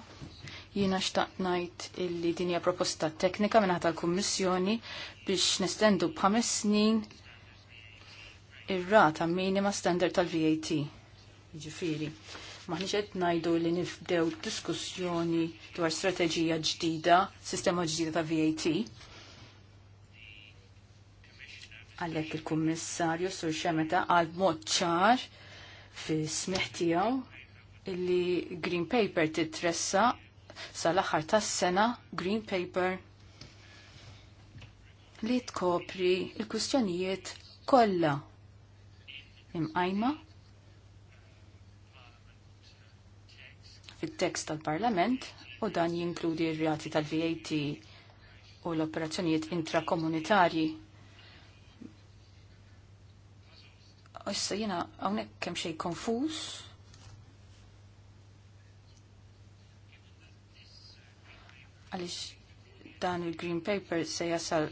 jina xtaqt najt illi dinja proposta teknika minna l kommissjoni biex nestendu bħames snin ir-rata minima standard tal-VAT Ġifiri, maħniġ qed ngħidu li nifdew diskussjoni dwar strateġija ġdida, sistema ġdida ta' VAT. Għalhekk il-Kummissarju Sur Xemeta għal mod ċar fi smiħtijaw tiegħu illi Green Paper titressa sal-aħħar tas-sena Green Paper li tkopri il kustjonijiet kollha imqajma fit-tekst tal-Parlament u dan jinkludi r-rati tal-VAT u l-operazzjonijiet intrakomunitarji. Issa jiena hawnhekk kemm xejn konfuż. Għaliex dan il-Green Paper se jasal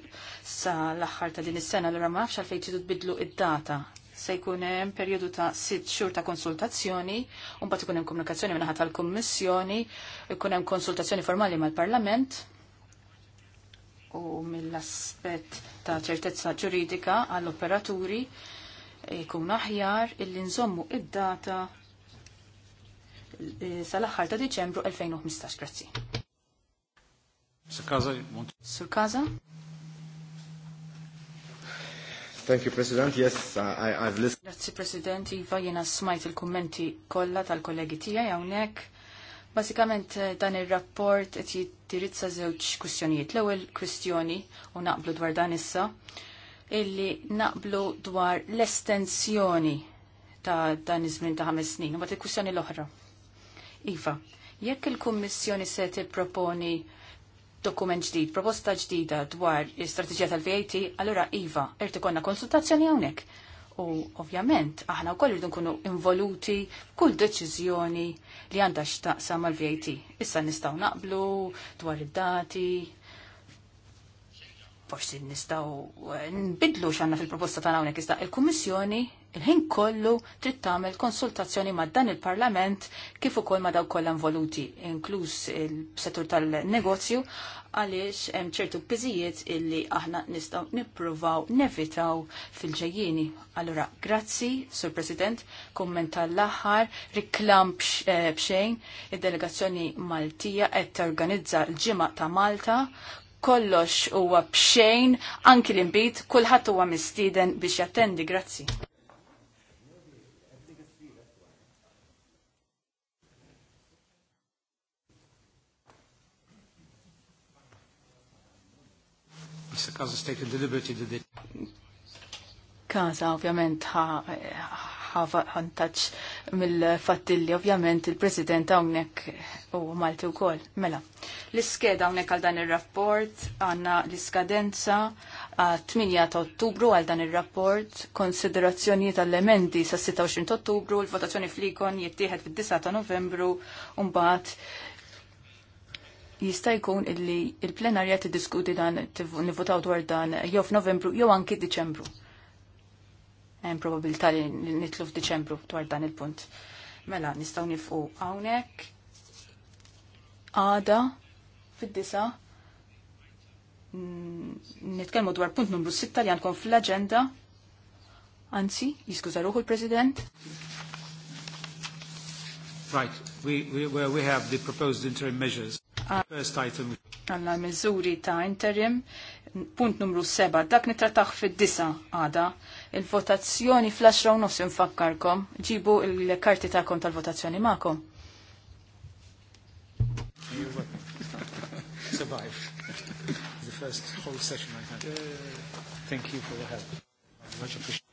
sa l-aħħar ta' din is-sena l ma nafx għalfejn tibidlu id-data se jkun hemm perjodu ta' sitt xhur ta' konsultazzjoni, u mbagħad ikun hemm komunikazzjoni minn tal-Kummissjoni, ikun hemm konsultazzjoni formali mal-Parlament u mill-aspett ta' ċertezza ġuridika għall-operaturi jkun aħjar illi nżommu id-data eh, sal-aħħar ta' Diċembru 2015. Grazzi. Sur casa?
Thank you, President.
Yes, uh, I, I've listened.
Grazie, President. Iva, jena smajt il-kommenti kolla tal-kollegi tija jawnek. Basikament eh, dan il-rapport et jittirizza zewċ kustjonijiet. L-ewel kustjoni, u naqblu dwar dan issa, illi naqblu dwar l-estensjoni ta' dan iż-żmien ta' ħames snin. U bat il-kustjoni l-oħra. Iva, jekk il-Kummissjoni se tipproponi dokument ġdid, proposta ġdida dwar l-istrateġija tal-VAT, allura Iva, irti konna konsultazzjoni hawnhekk. U ovvjament, aħna wkoll irdu nkunu involuti kull deċiżjoni li għandha x'taqsam mal-VAT. Issa nistgħu naqblu dwar id-dati, forsi nistaw eh, nbidlu xanna fil-proposta ta' hawnhekk iżda il-Kummissjoni il-ħin kollu trid tagħmel konsultazzjoni ma' dan il-Parlament kif ukoll ma' daw kollha involuti, inkluż il-settur tal-negozju għaliex hemm ċertu piżijiet illi aħna nistgħu nippruvaw nevitaw fil-ġejjieni. Allura, grazzi, Sur President, komment tal-aħħar, riklam eh, bxejn, id-delegazzjoni Maltija qed organizza l-ġimgħa ta' Malta kollox huwa bxejn, anki l-imbit, kulħadd huwa mistieden biex jattendi, grazzi.
Mr. Kaza stated deliberately that
Kaza ovvjament ħantaċ mill fattilli ovvjament il-President hawnhekk u Malti wkoll. Mela, l-iskeda hawnhekk għal dan ir-rapport għandna l-iskadenza 8 ta' Ottubru għal dan ir-rapport, konsiderazzjoni tal-emendi sa' 26 ta' Ottubru, l-votazzjoni flikon jittieħed fid-9 ta' Novembru, u mbagħad jista' jkun illi il-plenarja tiddiskuti dan nivotaw dwar dan jew f'Novembru jew anki Deċembru hemm probabilità li nitlu f'Diċembru dwar dan il-punt. Mela, nistgħu nifqu hawnhekk għada fid-disa nitkellmu dwar punt numru 6 li għandkom fl-aġenda. Anzi, jiskuża ruħu l-President.
Right, we, we, where we have the proposed interim measures. Ah. First item.
Għanna miżuri ta' interim, punt numru 7, dak nitrataħ fid-disa għada Il-votazzjoni flasra 10 nofs infakkarkom, ġibu il-karti ta'kom tal-votazzjoni ma'kom.
<laughs> Survive. The first whole session I had. Thank you for the help. Much appreciated.